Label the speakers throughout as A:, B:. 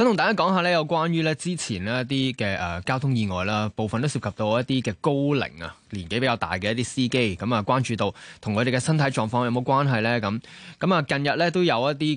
A: 想同大家講下呢，有關於呢之前呢一啲嘅誒交通意外啦，部分都涉及到一啲嘅高齡啊，年紀比較大嘅一啲司機，咁啊關注到同佢哋嘅身體狀況有冇關係呢？咁咁啊，近日呢，都有一啲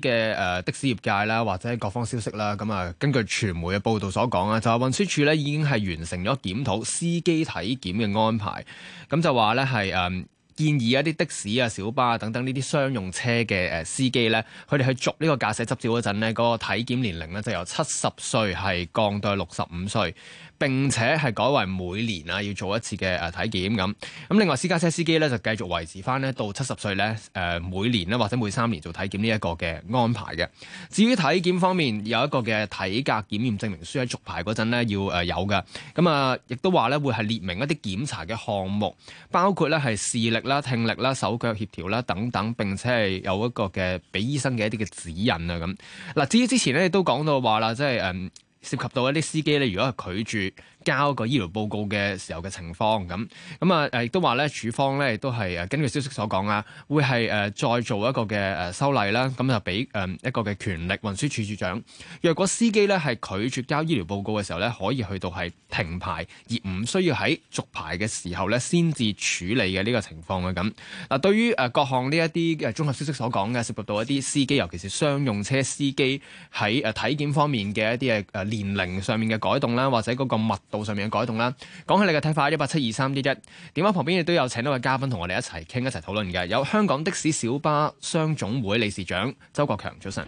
A: 嘅誒的士業界啦，或者各方消息啦，咁啊根據傳媒嘅報道所講啊，就話運輸署呢已經係完成咗檢討司機體檢嘅安排，咁就話呢，係誒。建議一啲的士啊、小巴啊等等呢啲商用車嘅誒司機呢，佢哋去續呢個駕駛執照嗰陣呢，嗰個體檢年齡呢，就由七十歲係降到六十五歲，並且係改為每年啊要做一次嘅誒體檢咁。咁另外私家車司機呢，就繼續維持返呢到七十歲呢，誒每年呢或者每三年做體檢呢一個嘅安排嘅。至於體檢方面有一個嘅體格檢驗證明書喺續牌嗰陣呢要誒有嘅。咁啊亦都話呢會係列明一啲檢查嘅項目，包括呢係視力啦、聽力啦、手腳協調啦等等，並且係有一個嘅俾醫生嘅一啲嘅指引啊咁。嗱，至於之前咧都講到話啦，即係誒涉及到一啲司機咧，如果係拒絕交個醫療報告嘅時候嘅情況咁咁啊！亦都話咧，處方咧亦都係根據消息所講啊，會係再做一個嘅修例啦。咁就俾一個嘅權力運輸署署長，若果司機咧係拒絕交醫療報告嘅時候咧，可以去到係停牌而唔需要喺續牌嘅時候咧先至處理嘅呢個情況嘅咁。嗱，對於各項呢一啲嘅綜合消息所講嘅，涉及到一啲司機，尤其是商用車司機喺誒體檢方面嘅一啲嘅年齡上面嘅改動啦，或者嗰個物。道上面嘅改動啦，講起你嘅睇法，一八七二三一一電話旁邊，亦都有請一位嘉賓同我哋一齊傾一齊討論嘅，有香港的士小巴商總會理事長周國強，早晨。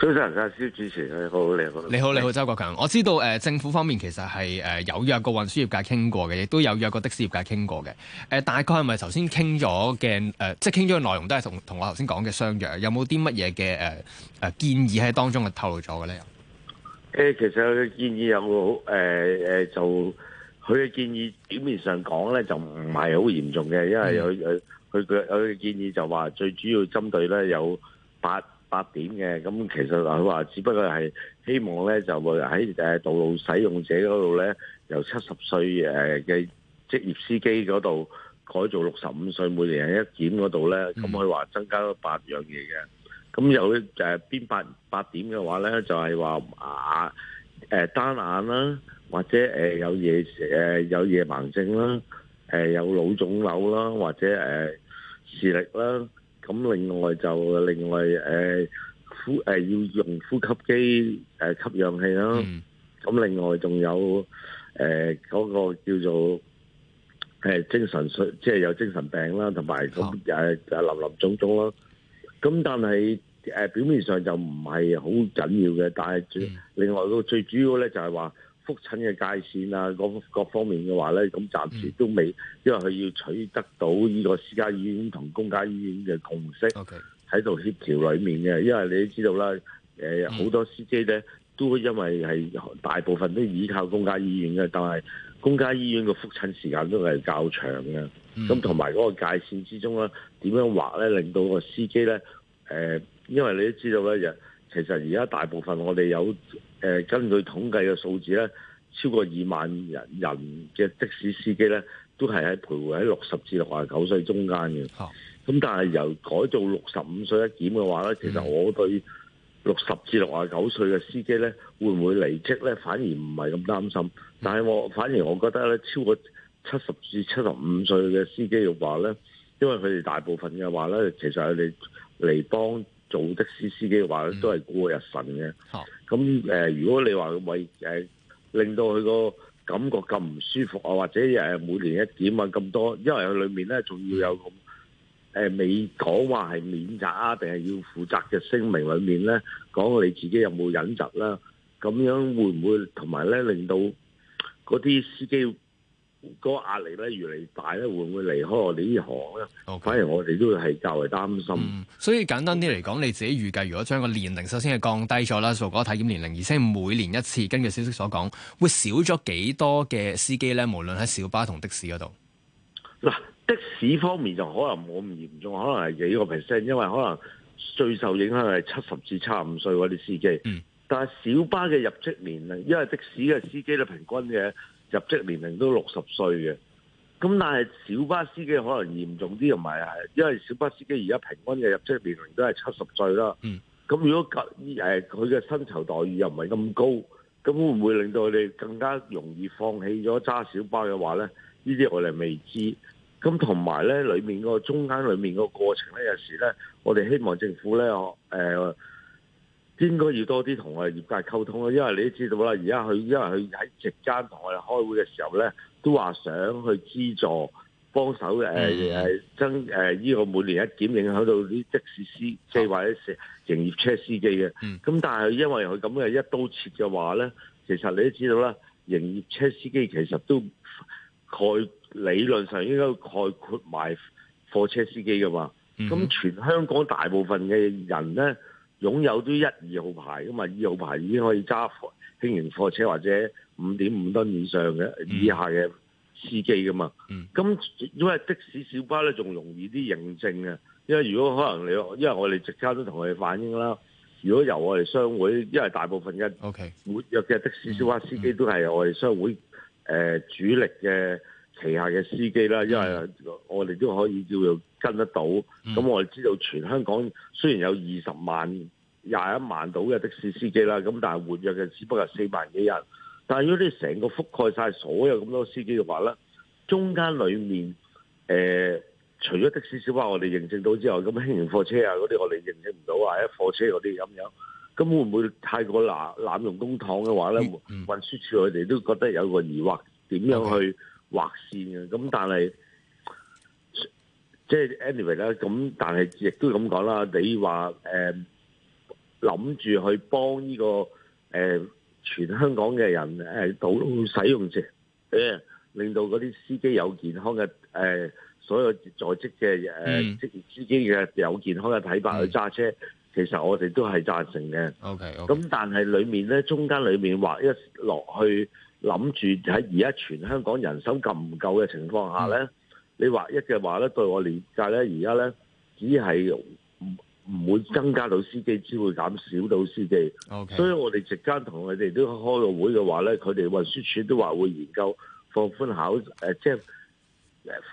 B: 早晨，阿蕭主持，你好，你
A: 好，你好，你好，周國強，我知道誒、呃、政府方面其實係誒、呃、有約過運輸業界傾過嘅，亦都有約過的士業界傾過嘅，誒、呃、大概係咪頭先傾咗嘅誒，即係傾咗嘅內容都係同同我頭先講嘅相若，有冇啲乜嘢嘅誒誒建議喺當中係透露咗嘅咧？
B: 誒，其實佢嘅建議有好誒誒，就佢嘅建議表面上講咧，就唔係好嚴重嘅，因為佢佢佢嘅佢嘅建議就話最主要針對咧有八八點嘅，咁其實佢話只不過係希望咧就會喺誒道路使用者嗰度咧，由七十歲誒嘅職業司機嗰度改造六十五歲每年人一檢嗰度咧，咁佢話增加咗八樣嘢嘅。咁有誒邊八八點嘅話咧，就係話啊誒單眼啦，或者誒有夜誒有夜盲症啦，誒有腦腫瘤啦，或者誒視力啦。咁另外就另外誒呼誒要用呼吸機誒吸氧氣啦。咁另外仲有誒嗰個叫做誒精神衰，即係有精神病啦，同埋誒誒林林總總咯。咁但係誒表面上就唔係好緊要嘅，但係最、嗯、另外個最主要咧就係話覆診嘅界線啊，各各方面嘅話咧，咁暫時都未、嗯，因為佢要取得到呢個私家醫院同公家醫院嘅共識喺度協調裡面嘅，因為你都知道啦，誒、呃、好、嗯、多司機咧都因為係大部分都依靠公家醫院嘅，但係公家醫院嘅覆診時間都係較長嘅。咁同埋嗰個界線之中咧，點樣畫咧，令到個司機咧、呃，因為你都知道咧，其實而家大部分我哋有、呃、根據統計嘅數字咧，超過二萬人人嘅的士司機咧，都係喺徘徊喺六十至六十九歲中間嘅。咁、啊、但係由改做六十五歲一檢嘅話咧，其實我對六十至六十九歲嘅司機咧、嗯，會唔會離職咧？反而唔係咁擔心。嗯、但係我反而我覺得咧，超過七十至七十五歲嘅司機嘅話咧，因為佢哋大部分嘅話咧，其實佢哋嚟幫做的士司機嘅話咧，都係過日神嘅。咁、嗯、誒、呃，如果你話為誒令到佢個感覺咁唔舒服啊，或者誒每年一檢啊咁多，因為佢裏面咧仲要有咁誒未講話係免責啊，定係要負責嘅聲明裏面咧，講你自己有冇隱疾啦？咁樣會唔會同埋咧令到嗰啲司機，嗰個壓力咧越嚟越大咧，會唔會離開我哋呢行咧？Okay. 反而我哋都係較為擔
A: 心。嗯，所以簡單啲嚟講，你自己預計，如果將個年齡首先係降低咗啦，做個體檢年齡，而且每年一次，根據消息所講，會少咗幾多嘅司機咧？無論喺小巴同的士嗰度。
B: 嗱，的士方面就可能冇咁嚴重，可能係幾個 percent，因為可能最受影響係七十至七十五歲嗰啲司機。嗯。但係小巴嘅入職年齡，因為的士嘅司機咧平均嘅。入職年齡都六十歲嘅，咁但係小巴司機可能嚴重啲，同埋係因為小巴司機而家平均嘅入職年齡都係七十歲啦。嗯，咁如果隔誒佢嘅薪酬待遇又唔係咁高，咁會唔會令到佢哋更加容易放棄咗揸小巴嘅話咧？呢啲我哋未知。咁同埋咧，裡面個中間裡面個過程咧，有時咧，我哋希望政府咧，誒、呃。應該要多啲同我哋業界溝通，因為你都知道啦，而家佢因為佢喺直間同我哋開會嘅時候咧，都話想去資助幫手誒、嗯呃、增誒呢個每年一檢影響到啲的士司即係、啊、或者營業車司機嘅。咁、嗯、但係因為佢咁嘅一刀切嘅話咧，其實你都知道啦，營業車司機其實都概理論上應該概括埋貨車司機㗎嘛。咁全香港大部分嘅人咧。擁有啲一二號牌㗎嘛，二號牌已經可以揸輕型貨車或者五點五噸以上嘅以下嘅司機㗎嘛。咁、嗯、因為的士小巴呢仲容易啲認證嘅，因為如果可能你因為我哋直間都同佢哋反映啦。如果由我哋商會，因為大部分嘅活躍嘅的士小巴司機都係我哋商會誒、呃、主力嘅。旗下嘅司機啦，因為我哋都可以叫做跟得到，咁、嗯、我哋知道全香港雖然有二十萬廿一萬度嘅的、的士司機啦，咁但係換約活躍嘅只不過四萬幾人。但係如果你成個覆蓋晒所有咁多司機嘅話咧，中間裡面誒、呃，除咗的士小巴我哋認證到之外，咁輕型貨車啊嗰啲我哋認證唔到啊，一貨車嗰啲咁樣，咁會唔會太過濫濫用公帑嘅話咧、嗯？運輸署我哋都覺得有個疑惑，點、嗯、樣去？Okay. 畫線嘅，咁但係即係 anyway 啦，咁但係亦都咁講啦。你話誒諗住去幫呢、這個誒、呃、全香港嘅人誒到使用者，誒、嗯、令到嗰啲司機有健康嘅誒、呃、所有在職嘅誒職業司機嘅有健康嘅體魄去揸車、嗯，其實我哋都係贊成嘅。OK，咁、okay. 但係裏面咧中間裏面畫一落去。諗住喺而家全香港人手咁唔夠嘅情況下呢、嗯，你話一句話一嘅話呢對我嚟計呢而家呢，只係唔唔會增加到司機，只會減少到司機。Okay. 所以我哋直間同佢哋都開個會嘅話呢，佢哋運輸署都話會研究放寬考即係、呃即係、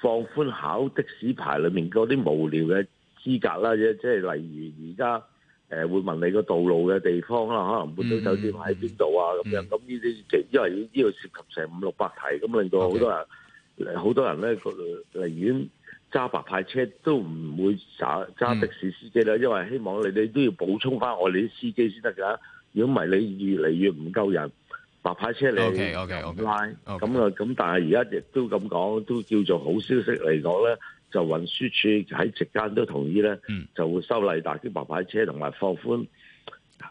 B: 放寬考的士牌裏面嗰啲無聊嘅資格啦，即、就、係、係、例如而家。誒會問你個道路嘅地方啦，可能會到酒店喺邊度啊，咁樣，咁呢啲即因為呢個涉及成五六百題，咁令到好多人好、okay. 多人咧，佢寧願揸白牌車都唔會揸揸的士司機啦、嗯，因為希望你哋都要補充翻我哋啲司機先得㗎，如果唔係你越嚟越唔夠人，白牌車你唔拉，咁啊咁，但係而家亦都咁講，都叫做好消息嚟講咧。就運輸署喺席間都同意咧、嗯，就會修例大啲白牌車，同埋放寬、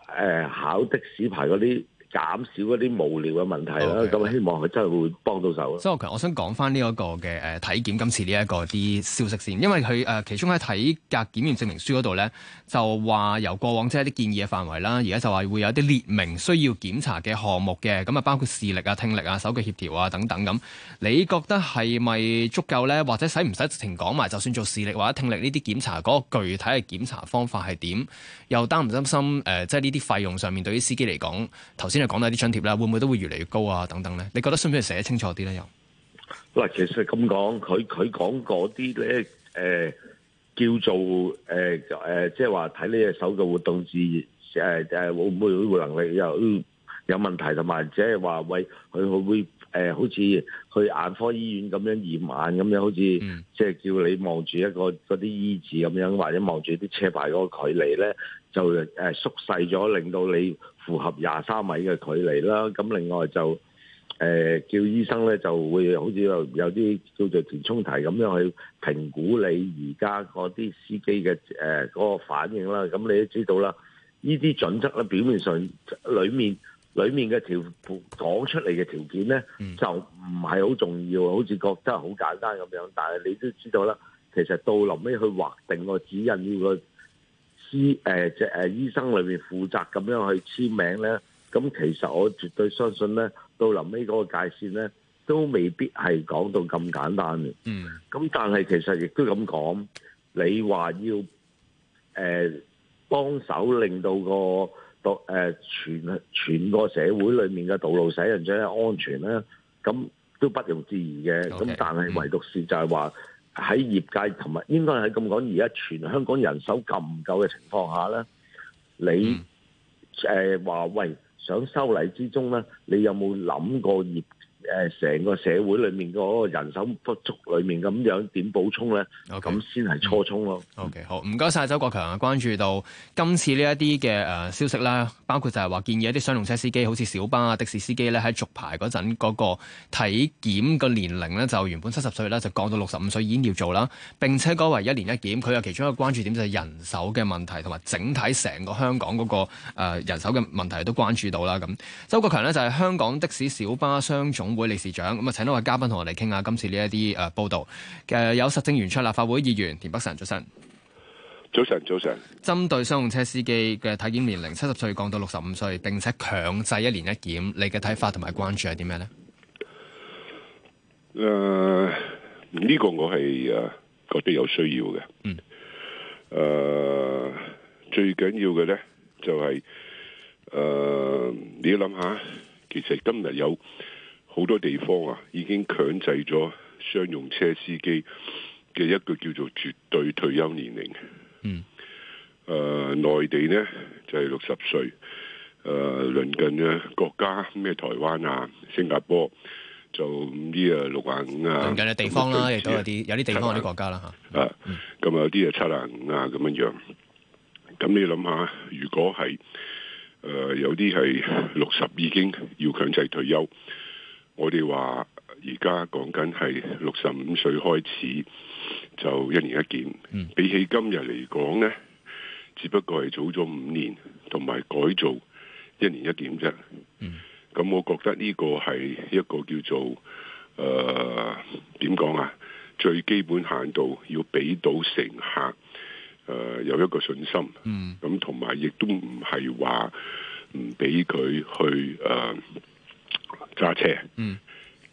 B: 呃、考的士牌嗰啲。減少嗰啲無聊嘅問題啦，咁、okay. 希望佢真係會幫到手。
A: 周國強，我想講翻呢一個嘅誒體檢今次呢一個啲消息先，因為佢其中喺體格檢驗證明書嗰度咧，就話由過往即係啲建議嘅範圍啦，而家就話會有啲列明需要檢查嘅項目嘅，咁啊包括視力啊、聽力啊、手腳協調啊等等咁。你覺得係咪足夠咧？或者使唔使直情講埋？就算做視力或者聽力呢啲檢查，嗰、嗰個具體嘅檢查方法係點？又擔唔擔心誒？即係呢啲費用上面對於司機嚟講，頭先。因為講到啲津貼啦，會唔會都會越嚟越高啊？等等咧，你覺得需唔需要寫清楚啲咧？又
B: 嗱，其實咁講，佢佢講嗰啲咧，誒、呃、叫做誒誒，即係話睇呢隻手嘅活動自誒誒，會唔會有能力又有，有問題，同埋即係話喂，佢會唔會誒、呃，好似去眼科醫院咁樣驗眼咁樣，好似即係叫你望住一個嗰啲字咁樣，或者望住啲車牌嗰個距離咧，就誒縮細咗，令到你。符合廿三米嘅距離啦，咁另外就誒、呃、叫醫生咧就會好似有有啲叫做填充題咁樣去評估你而家嗰啲司機嘅誒嗰個反應啦。咁你都知道啦，呢啲準則咧，表面上裏面裏面嘅條講出嚟嘅條件咧就唔係好重要，好似覺得好簡單咁樣。但係你都知道啦，其實到臨尾去劃定個指引呢、嗰個。醫誒即誒醫生裏面負責咁樣去簽名咧，咁其實我絕對相信咧，到臨尾嗰個界線咧，都未必係講到咁簡單嘅。嗯。咁但係其實亦都咁講，你話要誒、呃、幫手令到個道誒、呃、全全個社會裏面嘅道路使用者安全咧，咁都不容置疑嘅。咁、okay. 但係唯獨係就係話。喺業界同埋應該係咁講，而家全香港人手咁唔夠嘅情況下咧，你誒話、嗯呃、喂，想修例之中咧，你有冇諗過業？誒成個社會裏面嗰個人手不足裏面咁樣點補充咧？咁先係初衷咯。OK，
A: 好唔該晒，謝謝周國強啊！關注到今次呢一啲嘅誒消息啦，包括就係話建議一啲商用車司機，好似小巴啊、的士司機咧，喺續牌嗰陣嗰個體檢嘅年齡咧，就原本七十歲咧，就降到六十五歲已經要做啦。並且改為一年一檢。佢有其中一個關注點就係人手嘅問題，同埋整體成個香港嗰個人手嘅問題都關注到啦。咁，周國強呢，就係香港的士、小巴商總，會理事長，咁啊，請多位嘉賓同我哋傾下今次呢一啲誒報道誒，有實政圓桌立法會議員田北辰，早晨。早晨，早晨。針對商用車司機嘅體檢年齡七十歲降到六十五歲，並且強制一年一檢，你嘅睇法同埋關注係點樣呢？誒、
C: 呃、呢、這個我係誒覺得有需要嘅。嗯。誒、呃、最緊要嘅咧就係、是、誒、呃、你要諗下，其實今日有。好多地方啊，已經強制咗商用車司機嘅一個叫做絕對退休年齡。嗯，誒、呃，內地呢，就係六十歲，誒、呃，鄰近嘅國家咩台灣啊、新加坡就唔知啊六啊五啊。鄰近嘅地方啦，亦都有啲
A: 有啲地方有啲國家啦、啊、
C: 吓。咁、嗯、啊那有啲啊七啊五啊咁樣樣。咁你諗下，如果係誒、呃、有啲係六十已經要強制退休。我哋話而家講緊係六十五歲開始就一年一檢，嗯、比起今日嚟講呢，只不過係早咗五年，同埋改造一年一檢啫。咁、嗯、我覺得呢個係一個叫做誒點講啊，最基本限度要俾到乘客誒、呃、有一個信心。咁同埋亦都唔係話唔俾佢去誒。呃揸車，嗯，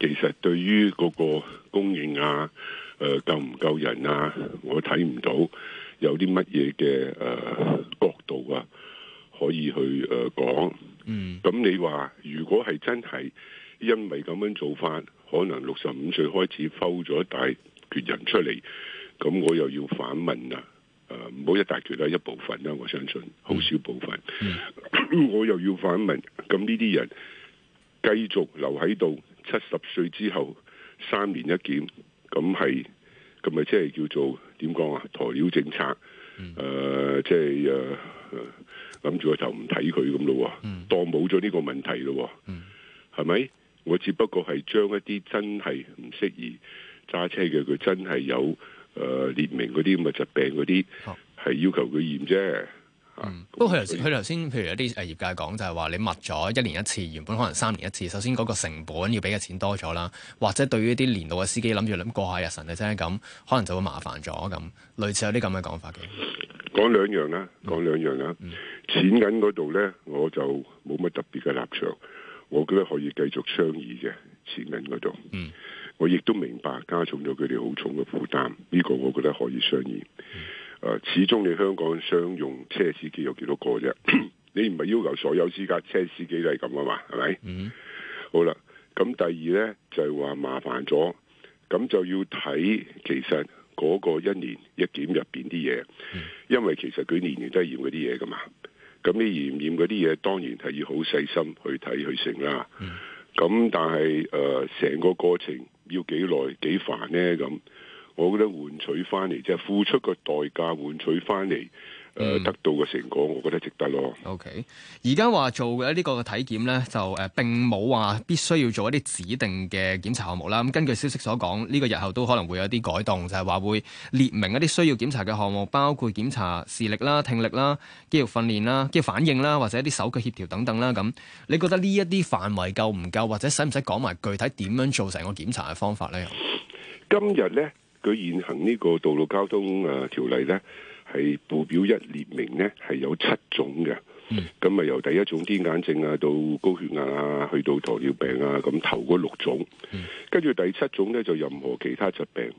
C: 其實對於嗰個供應啊，誒、呃，夠唔夠人啊，我睇唔到有啲乜嘢嘅誒角度啊，可以去誒講、呃，嗯，咁你話如果係真係因為咁樣做法，可能六十五歲開始剖咗一大決人出嚟，咁我又要反問啊，誒、呃，唔好一大決啦，一部分啦，我相信好少部分，嗯， 我又要反問，咁呢啲人，繼續留喺度七十歲之後三年一檢，咁係咁咪即係叫做點講啊？鴕鳥政策，誒、嗯，即係誒，諗住我，就唔睇佢咁咯，當冇咗呢個問題咯，係、嗯、咪？我只不過係將一啲真係唔適宜揸車嘅，佢真係有誒列明嗰啲咁嘅疾病嗰啲，係、啊、要求佢驗啫。嗯，
A: 不過佢頭先佢頭先，譬如有啲誒業界講就係、是、話你密咗一年一次，原本可能三年一次，首先嗰個成本要俾嘅錢多咗啦，或者對於啲年度嘅司機諗住諗過下日神嘅啫，係咁，可能就會麻煩咗咁，類似有啲咁嘅講法嘅。
C: 講兩樣啦，講兩樣啦、嗯，錢銀嗰度咧，我就冇乜特別嘅立場，我覺得可以繼續商議嘅錢銀嗰度。嗯，我亦都明白加重咗佢哋好重嘅負擔，呢、呢個我覺得可以商議。嗯誒，始終你香港商用車司機有幾多個啫？ 你唔係要求所有私家車司機都係咁啊嘛？係咪？嗯，嗯好。好啦，咁第二呢，就係、是、話麻煩咗，咁就要睇其實嗰個一年一檢入邊啲嘢，嗯嗯因為其實佢年年都係驗嗰啲嘢噶嘛。咁你驗唔驗嗰啲嘢，當然係要好細心去睇去成啦。咁、嗯嗯、但係誒，成、呃、個過程要幾耐幾煩呢？咁。我覺得換取翻嚟即係付出個代價，換取翻嚟誒得到嘅成果，我覺得值得咯。
A: O K. 而家話做嘅呢個體檢咧，就誒、呃、並冇話必須要做一啲指定嘅檢查項目啦。咁根據消息所講，呢、這個日後都可能會有啲改動，就係、是、話會列明一啲需要檢查嘅項目，包括檢查視力啦、聽力啦、肌肉訓練啦、肌肉反應啦，或者一啲手腳協調等等啦。咁你覺得呢一啲範圍夠唔夠，或者使唔使講埋具體點樣做成個檢查嘅方法咧？
C: 今日咧？佢現行呢個道路交通誒、啊、條例咧，係部表一列明咧，係有七種嘅。咁啊，由第一種癲癇症啊，到高血壓啊，去到糖尿病啊，咁頭嗰六種。跟、mm. 住第七種咧，就任何其他疾病。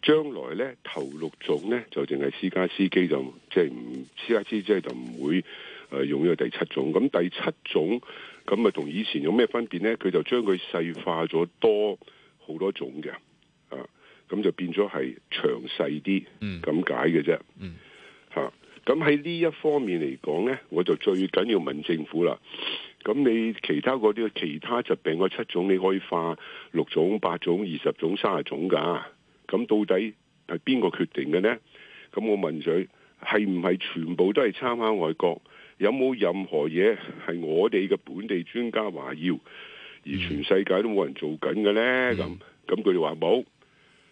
C: 將來咧，頭六種咧，就淨係私家司機就即係唔私家司機就唔會誒、呃、用呢個第七種。咁第七種咁啊，同以前有咩分別咧？佢就將佢細化咗多好多種嘅。咁就變咗係詳細啲咁解嘅啫。嚇、嗯，咁喺呢一方面嚟講呢，我就最緊要問政府啦。咁你其他嗰啲其他疾病嗰七種你可以化六種、八種、二十種、三十種㗎。咁到底係邊個決定嘅呢？咁我問佢係唔係全部都係參考外國？有冇任何嘢係我哋嘅本地專家話要，而全世界都冇人做緊嘅呢？咁咁佢哋話冇。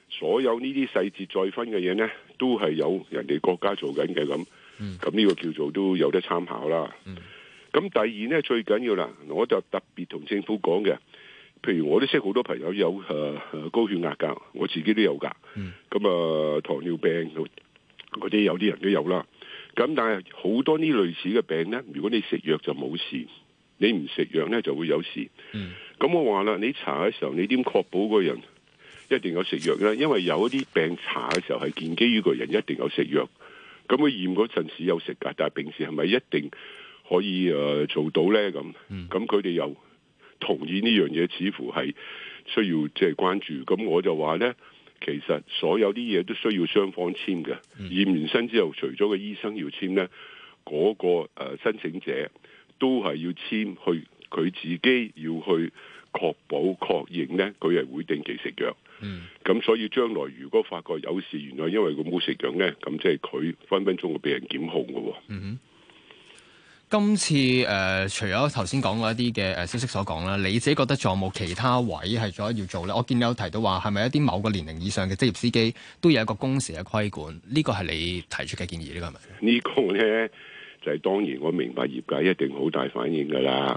C: 所有呢啲細節再分嘅嘢呢，都係有人哋國家做緊嘅，咁，咁呢個叫做都有得參考啦。咁第二呢，最緊要啦，我就特別同政府講嘅，譬如我都識好多朋友有、呃、高血壓噶，我自己都有噶。咁啊、呃、糖尿病嗰啲有啲人都有啦。咁但係好多呢類似嘅病呢，如果你食藥就冇事，你唔食藥呢就會有事。咁我話啦，你查嘅時候你點確保個人？一定有食藥啦，因為有一啲病查嘅時候係建基於個人，一定有食藥。咁佢驗嗰陣時有食㗎，但係平時係咪一定可以誒、呃、做到咧？咁，咁佢哋又同意呢樣嘢，似乎係需要即係、就是、關注。咁我就話咧，其實所有啲嘢都需要雙方簽嘅、嗯。驗完身之後，除咗個醫生要簽咧，嗰、那個、呃、申請者都係要簽去，去佢自己要去確保確認咧，佢係會定期食藥。嗯，咁所以將來如果發覺有事，原來因為佢冇食藥咧，咁即係佢分分鐘會畀人檢控噶。嗯哼，
A: 今次誒、呃，除咗頭先講過一啲嘅、誒消息所講啦，你自己覺得仲有冇其他位係仲有要做咧？我見你有提到話係咪一啲某個年齡以上嘅職業司機都有一個工時嘅規管？呢、呢個係你提出嘅建議、呢個是是這個、呢
C: 個係咪？呢個咧就係、是、當然我明白業界一定好大反應噶啦。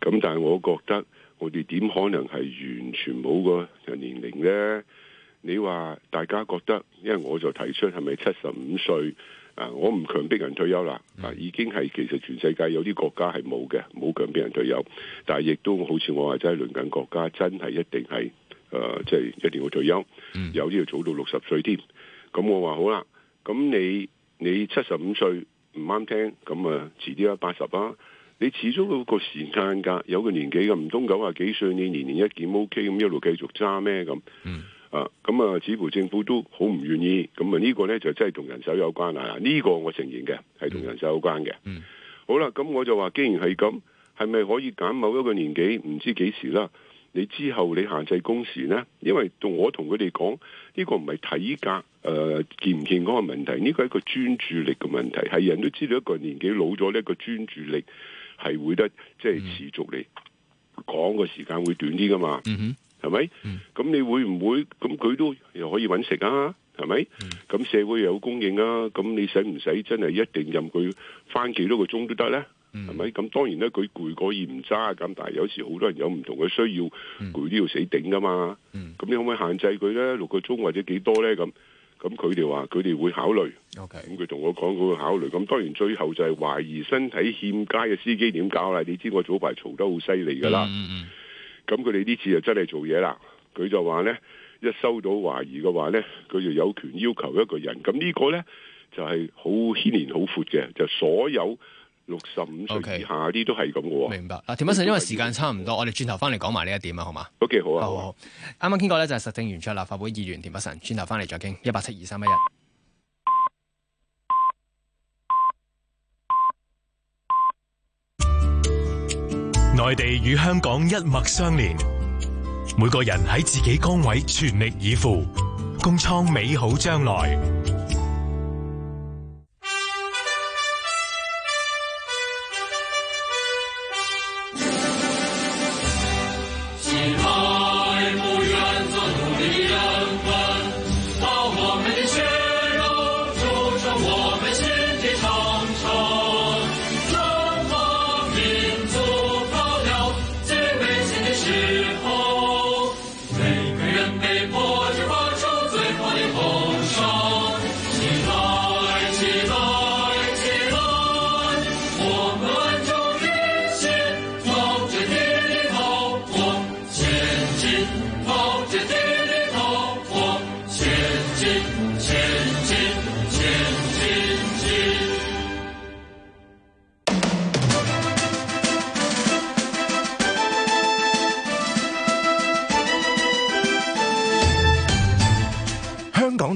C: 咁、嗯、但係我覺得。我哋點可能係完全冇個年齡呢？你話大家覺得，因為我就提出係咪七十五歲啊？我唔強迫人退休啦，啊，已經係其實全世界有啲國家係冇嘅，冇強迫人退休，但係亦都好似我話齋，鄰近國家真係一定係誒，即、呃、係、就是、一定要退休，有啲要早到六十歲添。咁我話好啦，咁你你七十五歲唔啱聽，咁啊遲啲啦，八十啦。你始終有個時間噶有個年紀噶唔通九廿幾歲你年年一件 OK 咁一路繼續揸咩咁？嗯、mm. 啊，咁啊，似乎政府都好唔願意。咁啊，呢個呢，就真係同人手有關啊。呢、呢個我承認嘅係同人手有關嘅。Mm. 好啦，咁我就話，既然係咁，係咪可以揀某一個年紀，唔知幾時啦？你之後你限制工時呢？因為我同佢哋講，呢、呢個唔係體格誒健唔健康嘅問題，呢、呢個係一個專注力嘅問題，係人都知道一個年紀老咗呢個專注力。係會得即係持續嚟講個時間會短啲噶嘛，係、嗯、咪？咁、嗯、你會唔會咁佢都又可以搵食啊？係咪？咁、嗯、社會又有供應啊？咁你使唔使真係一定任佢翻幾多個鐘都得咧？係、嗯、咪？咁當然咧，佢攰過而唔揸咁，但係有時好多人有唔同嘅需要，攰都要死頂噶嘛。咁、嗯、你可唔可以限制佢咧？六個鐘或者幾多咧？咁？咁佢哋話佢哋會考慮，咁佢同我講佢會考慮。咁當然最後就係懷疑身體欠佳嘅司機點搞啦？你知我早排嘈得好犀利噶啦。咁佢哋呢次就真係做嘢啦。佢就話呢，一收到懷疑嘅話呢，佢就有權要求一個人。咁呢個呢，就係好牽連好闊嘅，就所有。六十五歲以下啲、okay. 都係咁嘅。明白。嗱，
A: 田北辰，因為時間差唔多，我哋轉頭翻嚟講埋呢一點啊，好嘛？好嘅，好啊。好好。啱啱傾過咧，就係實政圓桌立法會議員田北辰，轉頭翻嚟再傾。一八七二三一一。內地
B: 與香港一脈相連，每個人喺自己崗位全力以赴，共創美好將來。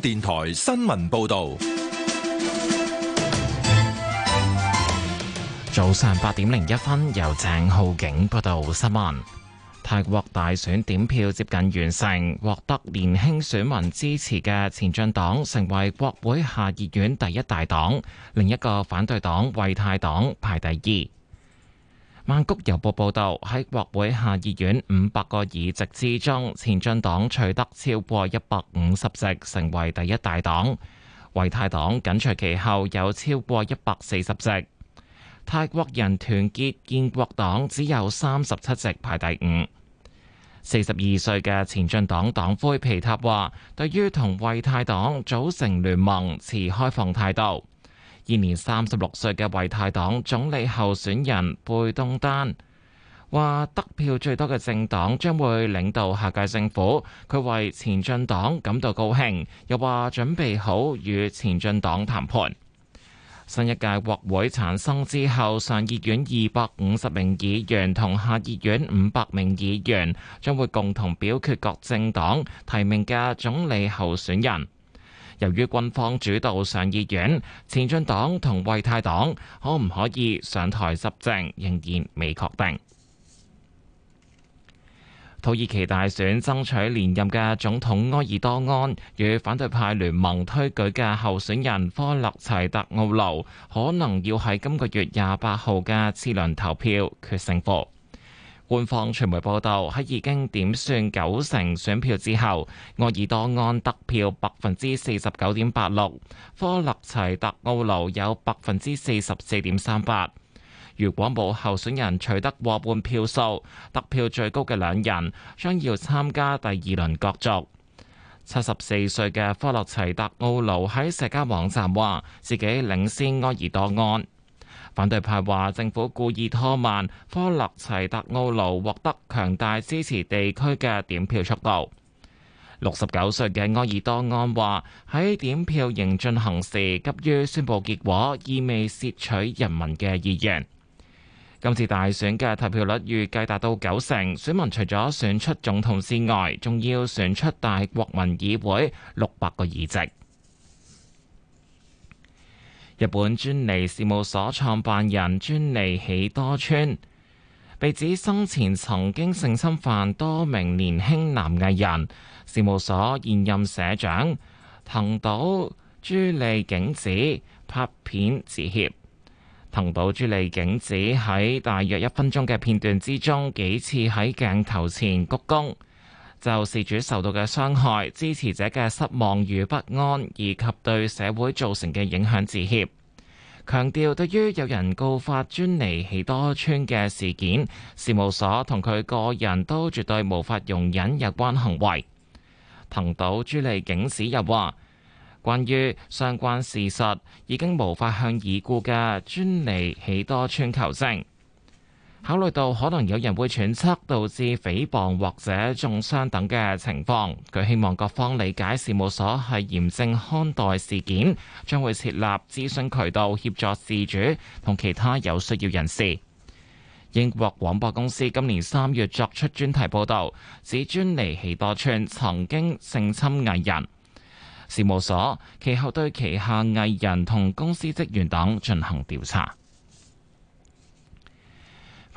D: 電台新聞報道：早上八點零一分，由鄭浩景報道新聞。泰國大選點票接近完成，獲得年輕選民支持嘅前進黨成為國會下議院第一大黨，另一個反對黨為泰黨排第二。曼谷郵報報道，喺國會下議院五百個議席之中，前進黨取得超過一百五十席，成為第一大黨；維泰黨緊隨其後，有超過一百四十席。泰國人團結建國黨只有三十七席，排第五。四十二歲嘅前進黨黨魁皮塔話，對於同維泰黨組成聯盟，持開放態度。今年三十六歲嘅為泰黨總理候選人貝東丹話：得票最多嘅政黨將會領導下屆政府。佢為前進黨感到高興，又話準備好與前進黨談判。新一屆國會產生之後，上議院二百五十名議員同下議院五百名議員將會共同表決各政黨提名嘅總理候選人。由於軍方主導上議院，前進黨同惠泰黨可唔可以上台執政仍然未確定。土耳其大選爭取連任嘅總統埃爾多安與反對派聯盟推舉嘅候選人科勒齊特奧盧，可能要喺今個月廿八號嘅次輪投票決勝負官方傳媒報道喺已經點算九成選票之後，愛爾多安得票百分之四十九點八六，科勒齊特奧盧有百分之四十四點三八。如果冇候選人取得過半票數，得票最高嘅兩人將要參加第二輪角逐。七十四歲嘅科勒齊特奧盧喺社交網站話自己領先愛爾多安。反對派話，政府故意拖慢科勒齊達奧盧獲得強大支持地區嘅點票速度。六十九歲嘅埃爾多安話：喺點票仍進行時，急於宣布結果，意味竊取人民嘅意願。今次大選嘅投票率預計達到九成，選民除咗選出總統之外，仲要選出大國民議會六百個議席。日本專利事務所創辦人專利喜多川被指生前曾經性侵犯多名年輕男藝人，事務所現任社長藤島朱利景子拍片致歉。藤島朱利景子喺大約一分鐘嘅片段之中，幾次喺鏡頭前鞠躬。就事主受到嘅傷害，支持者嘅失望與不安，以及對社會造成嘅影響致歉，強調對於有人告發尊尼喜多川嘅事件，事務所同佢個人都絕對無法容忍有關行為，藤島朱莉警史又話關於相關事實已經無法向已故嘅尊尼喜多川求證。考慮到可能有人會揣測導致誹謗或者中傷等嘅情況，佢希望各方理解事務所係嚴正看待事件，將會設立諮詢渠道協助事主同其他有需要人士。英國廣播公司今年三月作出專題報導，指尊尼喜多川曾經性侵藝人。事務所其後對旗下藝人同公司職員等進行調查。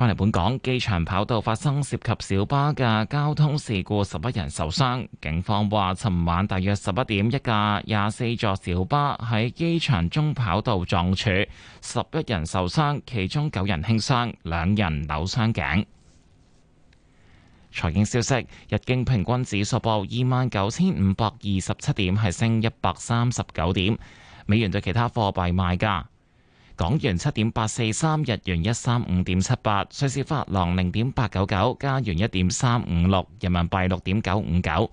D: 翻嚟，本港機場跑道發生涉及小巴嘅交通事故，十一人受傷。警方話，尋晚大約十一點，一架廿四座小巴喺機場中跑道撞柱，十一人受傷，其中九人輕傷，兩人扭傷頸。財經消息：日經平均指數報二萬九千五百二十七點，係升一百三十九點。美元對其他貨幣賣價。港元七點八四三，日元一三五點七八，瑞士法郎零點八九九，加元一點三五六，人民幣六點九五九，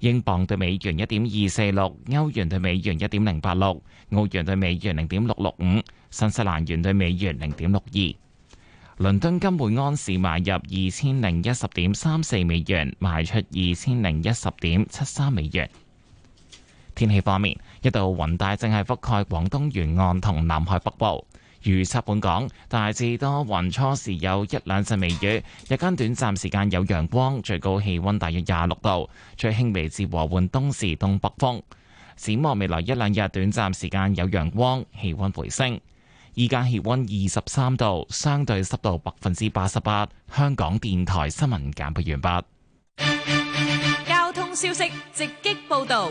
D: 英鎊兌美元一點二四六，歐元兌美元一點零八六，澳元兌美元零點六六五，新西蘭元兌美元零點六二。倫敦金每安士買入二千零一十點三四美元，賣出二千零一十點七三美元。天氣方面。一道雲帶正係覆蓋廣東沿岸同南海北部，預測本港大致多雲，初時有一兩陣微雨，日間短暫時間有陽光，最高氣温大約廿六度，吹輕微至和緩東至東北風。展望未來一兩日，短暫時間有陽光，氣温回升。依家氣温二十三度，相對濕度百分之八十八。香港電台新聞簡報完畢。
E: 交通消息直擊報導。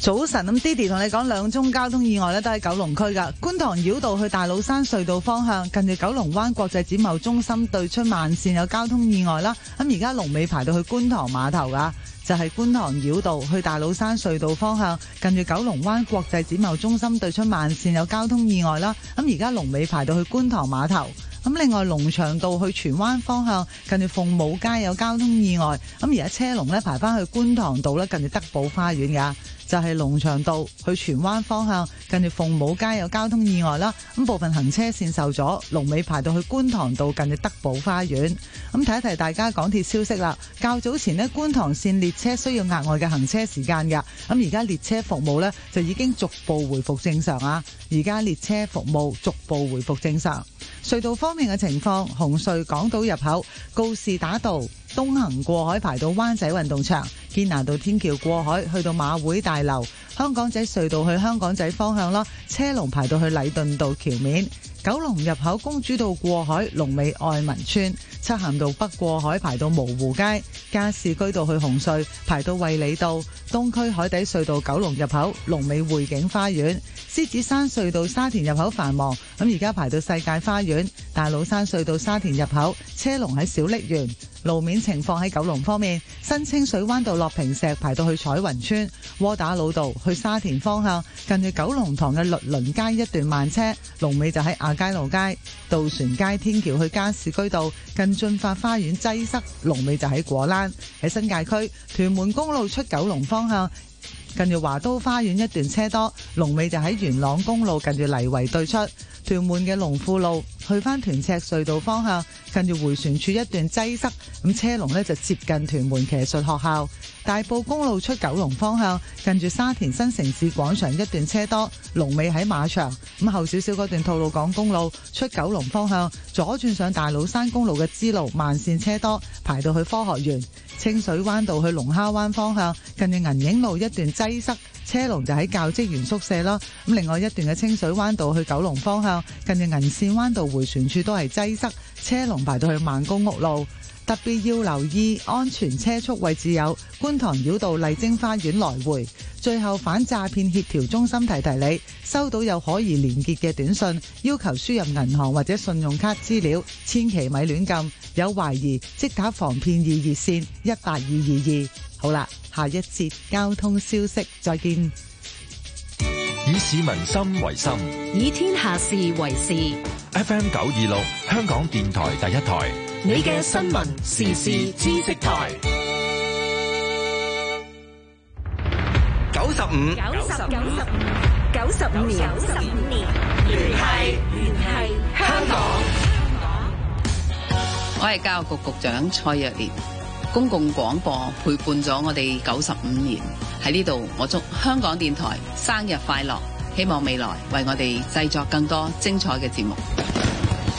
E: 早晨，咁爹哋同你講兩宗交通意外咧，都喺九龍區噶。觀塘繞道去大老山隧道方向，近住九龍灣國際展貿中心對出慢綫有交通意外啦。咁而家龍尾排到去觀塘碼頭噶，就係觀塘繞道去大老山隧道方向，近住九龍灣國際展貿中心對出慢綫有交通意外啦。咁而家龍尾排到去觀塘碼頭。咁另外，龍翔道去荃灣方向，近住鳳舞街有交通意外。咁而家車龍咧，排翻去觀塘道咧，近住德寶花園噶。就係龍翔道去荃灣方向，近住鳳舞街有交通意外啦，咁部分行車線受阻，龍尾排到去觀塘道近住德寶花園。咁提一提大家港鐵消息啦。較早前呢觀塘線列車需要額外嘅行車時間㗎，咁而家列車服務呢，就已經逐步回復正常啊。而家列車服務逐步回復正常。隧道方面嘅情況，紅隧港島入口告士打道。東行過海排到灣仔運動場，堅拿道天橋過海去到馬會大樓，香港仔隧道去香港仔方向啦。車龍排到去禮頓道橋面，九龍入口公主道過海，龍尾愛民村，漆咸道北過海排到蕪湖街，加士居道去紅隧排到衛理道。東區海底隧道九龍入口龍尾匯景花園，獅子山隧道沙田入口繁忙，咁而家排到世界花園，大老山隧道沙田入口車龍喺小瀝源，路面情況喺九龍方面，新清水灣道落坪石排到去彩雲村，窩打老道去沙田方向，近住九龍塘嘅律倫街一段慢車，龍尾就喺亞皆老街，渡船街天橋去加士居道，近駿發花園擠塞，龍尾就喺果欄。喺新界區，屯門公路出九龍方方向近住華都花園一段車多，龍尾就喺元朗公路近住泥圍對出，屯門嘅龍富路去返屯赤隧道方向，近住回旋處一段擠塞，咁車龍呢就接近屯門騎術學校。大埔公路出九龍方向，近住沙田新城市廣場一段車多，龍尾喺馬場。咁後少少嗰段吐露港公路出九龍方向，左轉上大老山公路嘅支路慢綫車多，排到去科學園。清水灣道去龍蝦灣方向，近住銀影路一段擠塞，車龍就喺教職員宿舍咯。咁另外一段嘅清水灣道去九龍方向，近住銀綫灣道迴旋處都係擠塞，車龍排到去孟公屋路。特別要留意安全車速位置，有觀塘繞道麗晶花園來回。最後反詐騙協調中心提提你，收到有可疑連結嘅短信，要求輸入銀行或者信用卡資料，千祈咪亂撳。有懷疑即打防騙二熱線一八二二二。好啦，下一節交通消息再見。
B: 以市民心為心，
E: 以天
D: 下事為事。
F: FM 九二六，香港電台第一台。
D: 你嘅新聞時事知識
E: 台九十五九十九十九十五年九十五年聯繫聯繫香港，我係教育局局長蔡若蓮，公共廣播陪伴咗我哋九十五年喺呢度，我祝香港電台生日快樂，希望未來為我哋製作更多精彩嘅節目。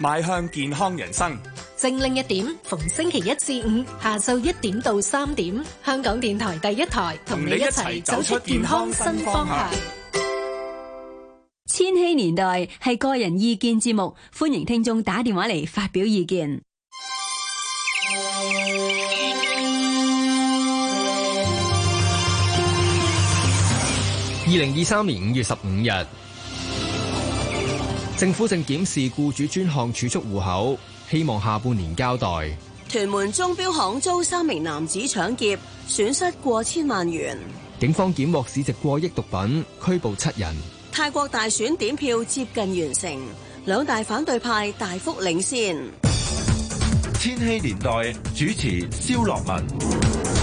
A: 邁向健康人生，精靈一點，逢星期一至五下晝一點到三點，香港電台第一台同你一齊走出健康新方向。千禧年代係個人意見節目，歡迎聽眾打電話嚟發表意見。二零二三年五月十五日。政府正檢視雇主專項儲蓄戶口，希望下半年交代。屯門鐘錶行遭三名男子搶劫，損失過千萬元。警方檢獲市值過億毒品，拘捕七人。泰國大選點票接近完成，兩大反對派大幅領先。
B: 千禧年代主持蕭樂文。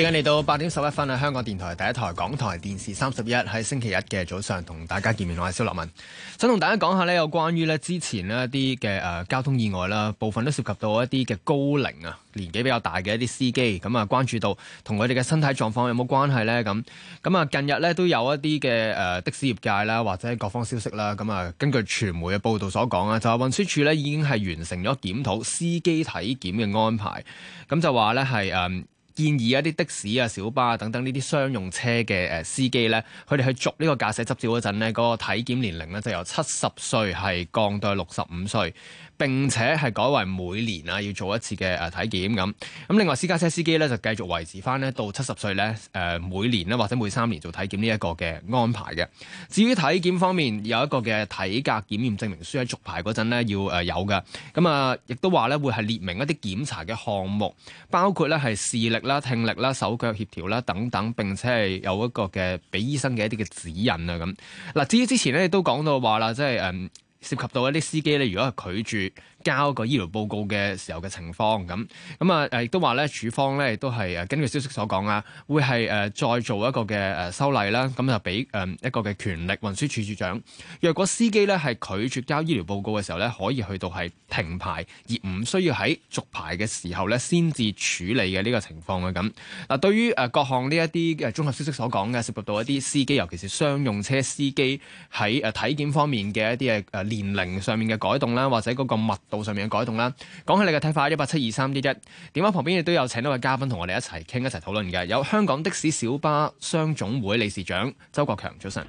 A: 時間嚟到八點十一分啦！香港電台第一台，港台電視三十一，喺星期一嘅早上同大家見面，我係蕭立文，想同大家講下呢，有關於呢之前呢一啲嘅誒交通意外啦，部分都涉及到一啲嘅高齡啊，年紀比較大嘅一啲司機，咁啊關注到同佢哋嘅身體狀況有冇關係呢？咁咁啊，近日呢都有一啲嘅誒的士業界啦，或者各方消息啦，咁啊，根據傳媒嘅報道所講啊，就係運輸署呢已經係完成咗檢討司機體檢嘅安排，咁就話呢係誒。建議一啲的士啊、小巴啊等等呢啲商用車嘅誒司機咧，佢哋去續呢個駕駛執照嗰陣咧，嗰、那個體檢年齡咧就由七十歲係降到六十五歲。並且係改為每年啊，要做一次嘅誒體檢咁。咁另外私家車司機咧，就繼續維持翻咧到七十歲咧誒每年咧或者每三年做體檢呢一個嘅安排嘅。至於體檢方面，有一個嘅體格檢驗證明書喺續牌嗰陣咧要誒有嘅。咁啊，亦都話咧會係列明一啲檢查嘅項目，包括咧係視力啦、聽力啦、手腳協調啦等等。並且係有一個嘅俾醫生嘅一啲嘅指引啊咁。嗱，至於之前咧都講到話啦，即係誒。涉及到一啲司機咧，如果係拒絕。交個醫療報告嘅時候嘅情況咁咁啊！亦都話咧，處方咧亦都係誒根據消息所講啊，會係再做一個嘅修例啦。咁就俾一個嘅權力運輸署署長，若果司機咧係拒絕交醫療報告嘅時候咧，可以去到係停牌而唔需要喺續牌嘅時候咧先至處理嘅呢個情況嘅咁。嗱，對於各項呢一啲嘅綜合消息所講嘅，涉及到一啲司機，尤其是商用車司機喺誒體檢方面嘅一啲嘅誒年齡上面嘅改動啦，或者嗰個物道上面嘅改動啦，講起你嘅睇法，一八七二三一一電話旁邊亦都有請到位嘉賓同我哋一齊傾一齊討論嘅，有香港的士小巴商總會理事長周國強，早晨。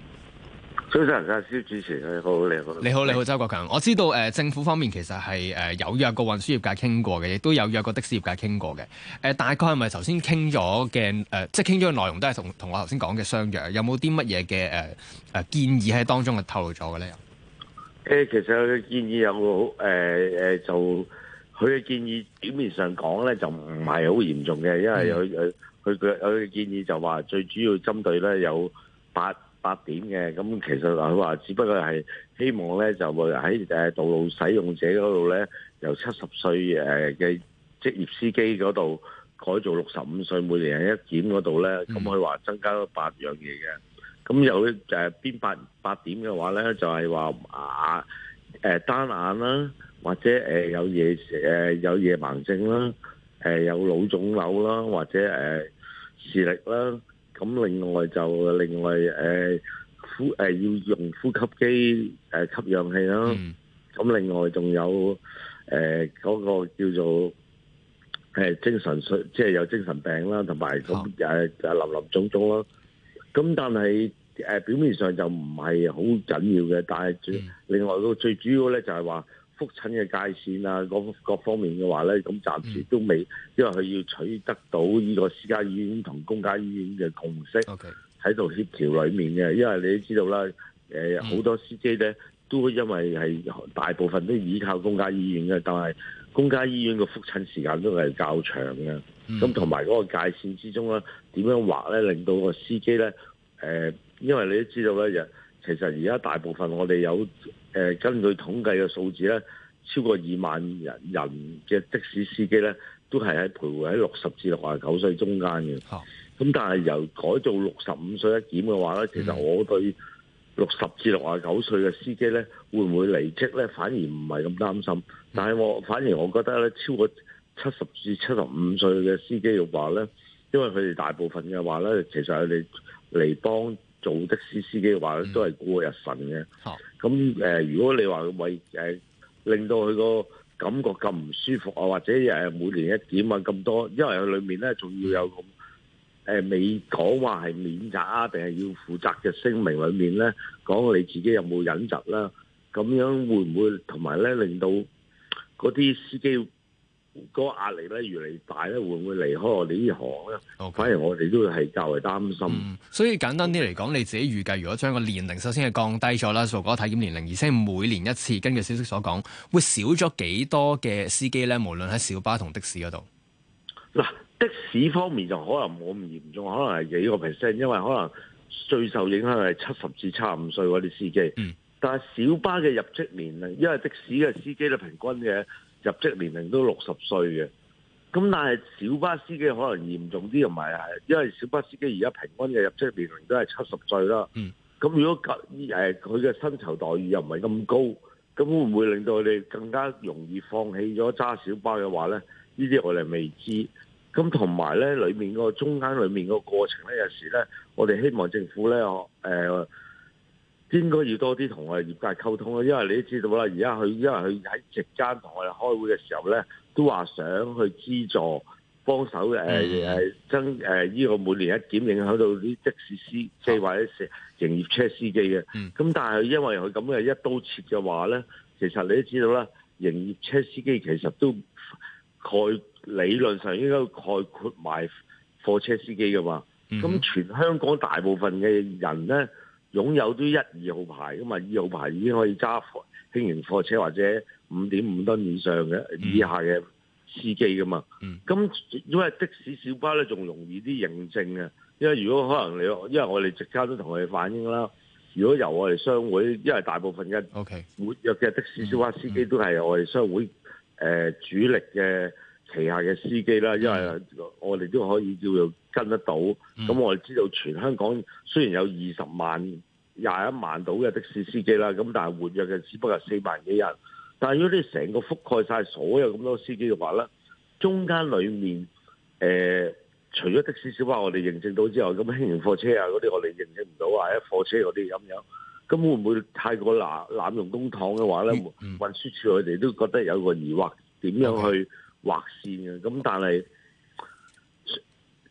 B: 早晨，謝謝蘇主持你，你
A: 好，你好，你好，你好，周國強，我知道誒、呃、政府方面其實係誒、呃、有約過運輸業界傾過嘅，亦都有約過的士業界傾過嘅，誒、呃、大概係咪頭先傾咗嘅誒，即係傾咗嘅內容都係同同我頭先講嘅相約，有冇啲乜嘢嘅誒誒建議喺當中係透露咗嘅咧？
B: 誒，其實佢嘅建議有好誒誒，就佢嘅建議表面上講咧，就唔係好嚴重嘅，因為有有佢佢有嘅建議就話最主要針對咧有八八點嘅，咁其實佢話只不過係希望咧就會喺誒道路使用者嗰度咧，由七十歲誒嘅職業司機嗰度改造六十五歲每年人一檢嗰度咧，咁佢話增加咗八樣嘢嘅。咁有誒邊八八點嘅話咧，就係話眼誒單眼啦，或者誒有嘢誒有夜盲症啦，誒有腦腫瘤啦，或者誒視力啦。咁另外就另外誒呼誒要用呼吸機誒吸氧氣啦。咁另外仲有誒嗰個叫做誒精神衰，即係有精神病啦，同埋咁又係又林林總總咯。咁但係誒表面上就唔係好緊要嘅，但係最、嗯、另外個最主要咧就係話覆診嘅界線啊，各各方面嘅話咧，咁暫時都未，嗯、因為佢要取得到呢個私家醫院同公家醫院嘅共識喺度協調裡面嘅，因為你都知道啦，誒、呃、好多司機咧都因為係大部分都依靠公家醫院嘅，但係公家醫院嘅覆診時間都係較長嘅。咁同埋嗰個界線之中咧，點樣劃咧，令到個司機咧、呃，因為你都知道咧，其實而家大部分我哋有、呃、根據統計嘅數字咧，超過二萬人人嘅的士司機咧，都係喺徘徊喺六十至六十九歲中間嘅。咁、啊、但係由改做六十五歲一檢嘅話咧，其實我對六十至六十九歲嘅司機咧、嗯，會唔會離職咧？反而唔係咁擔心。嗯、但係我反而我覺得咧，超過，七十至七十五歲嘅司機嘅話咧，因為佢哋大部分嘅話咧，其實佢哋嚟幫做的士司機嘅話咧，都係過，過日神嘅。咁、嗯、誒、呃，如果你話為誒令到佢個感覺咁唔舒服啊，或者誒每年一點啊咁多，因為佢裏面咧仲要有誒未講話係免責啊，定係要負責嘅聲明裏面咧，講你自己有冇隱疾啦？咁樣會唔會同埋咧令到嗰啲司機？個壓力咧越嚟越大咧，會唔會離開我哋呢行咧？哦、okay.，反而我哋都係較為擔心，嗯。
A: 所以簡單啲嚟講，你自己預計，如果將個年齡首先係降低咗啦，做個體檢年齡，而且每年一次，根據消息所講，會少咗幾多嘅司機咧？無論喺小巴同的士嗰度。
B: 嗱，的士方面就可能冇咁嚴重，可能係幾個 percent，因為可能最受影響係七十至七十五歲嗰啲司機。嗯。但係小巴嘅入職年齡，因為的士嘅司機咧平均嘅。入職年齡都六十歲嘅，咁但係小巴司機可能嚴重啲，同埋係因為小巴司機而家平均嘅入職年齡都係七十歲啦。嗯，咁如果隔誒佢嘅薪酬待遇又唔係咁高，咁會唔會令到佢哋更加容易放棄咗揸小巴嘅話咧？呢啲我哋未知。咁同埋咧，裡面個中間裡面個過程咧，有時咧，我哋希望政府咧，誒、呃。應該要多啲同我哋業界溝通，因為你都知道啦，而家佢因為佢一直同我哋開會嘅時候咧，都話想去資助幫手誒、mm -hmm. 呃、增誒呢個每年一檢影響到啲的士司即係或者營業車司機嘅。咁、mm -hmm. 但係因為佢咁嘅一刀切嘅話咧，其實你都知道啦，營業車司機其實都概理論上應該概括埋貨車司機㗎嘛。咁、mm -hmm. 全香港大部分嘅人咧。擁有啲一二號牌㗎嘛，二號牌已經可以揸輕型貨車或者五點五噸以上嘅以下嘅司機㗎嘛。咁、嗯、因為的士小巴咧仲容易啲認證嘅，因為如果可能你因為我哋直交都同佢反映啦。如果由我哋商會，因為大部分一活躍嘅的士小巴司機都係我哋商會誒、呃、主力嘅。旗下嘅司機啦、嗯，因為我哋都可以叫做跟得到，咁、嗯、我哋知道全香港雖然有二十萬廿一萬度嘅的、的士司機啦，咁但係活躍嘅只不過係四萬幾人。但係如果你成個覆蓋曬所有咁多司機嘅話咧，中間裏面、呃、除咗的士小巴我哋認證到之外，咁輕型貨車啊嗰啲我哋認證唔到啊，一貨車嗰啲咁樣，咁會唔會太過濫用公帑嘅話咧、嗯？運輸署我哋都覺得有個疑惑，點樣去？嗯 okay. 畫線嘅，咁但係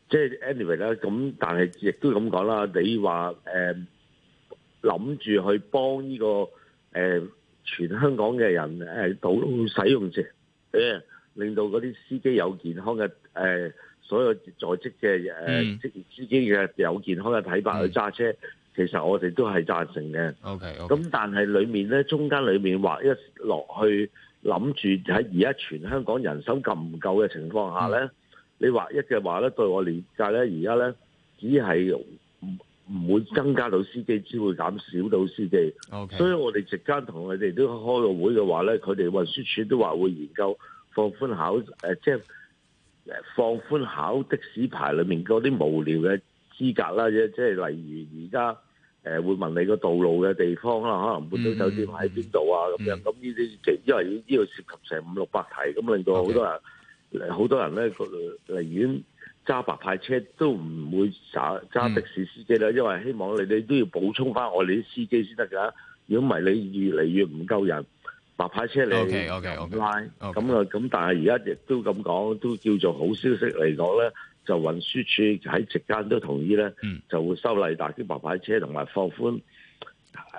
B: 即係 anyway 啦，咁但係亦都咁講啦。你話誒諗住去幫呢、這個誒、呃、全香港嘅人誒道路使用者誒，令到嗰啲司機有健康嘅誒、呃、所有在職嘅誒職業司機嘅有健康嘅體格去揸車，其實我哋都係贊成嘅。OK，咁、okay. 但係裏面咧中間裏面畫一落去。諗住喺而家全香港人手咁唔夠嘅情況下呢、嗯、你話一嘅話呢對我理解呢而家呢，只係唔唔會增加到司機，只會減少到司機。Okay. 所以我哋直間同佢哋都開個會嘅話呢佢哋運輸署都話會研究放寬考即係、呃即係、放寬考的士牌裏面嗰啲無聊嘅資格啦，即係例如而家。誒、呃，會問你個道路嘅地方啦，可能會到酒店喺邊度啊，咁、嗯、樣咁呢啲，因為呢度涉及成五六百題，咁令到好多人，好、okay. 多人咧，寧願揸白牌車都唔會揸揸的士司機啦、嗯，因為希望你哋都要補充翻我哋啲司機先得噶，如果唔係你越嚟越唔夠人白牌車你拉，咁啊咁，但係而家亦都咁講，都叫做好消息嚟講咧。就運輸處喺席間都同意咧、嗯，就會修例大啲白牌車，同埋放寬誒、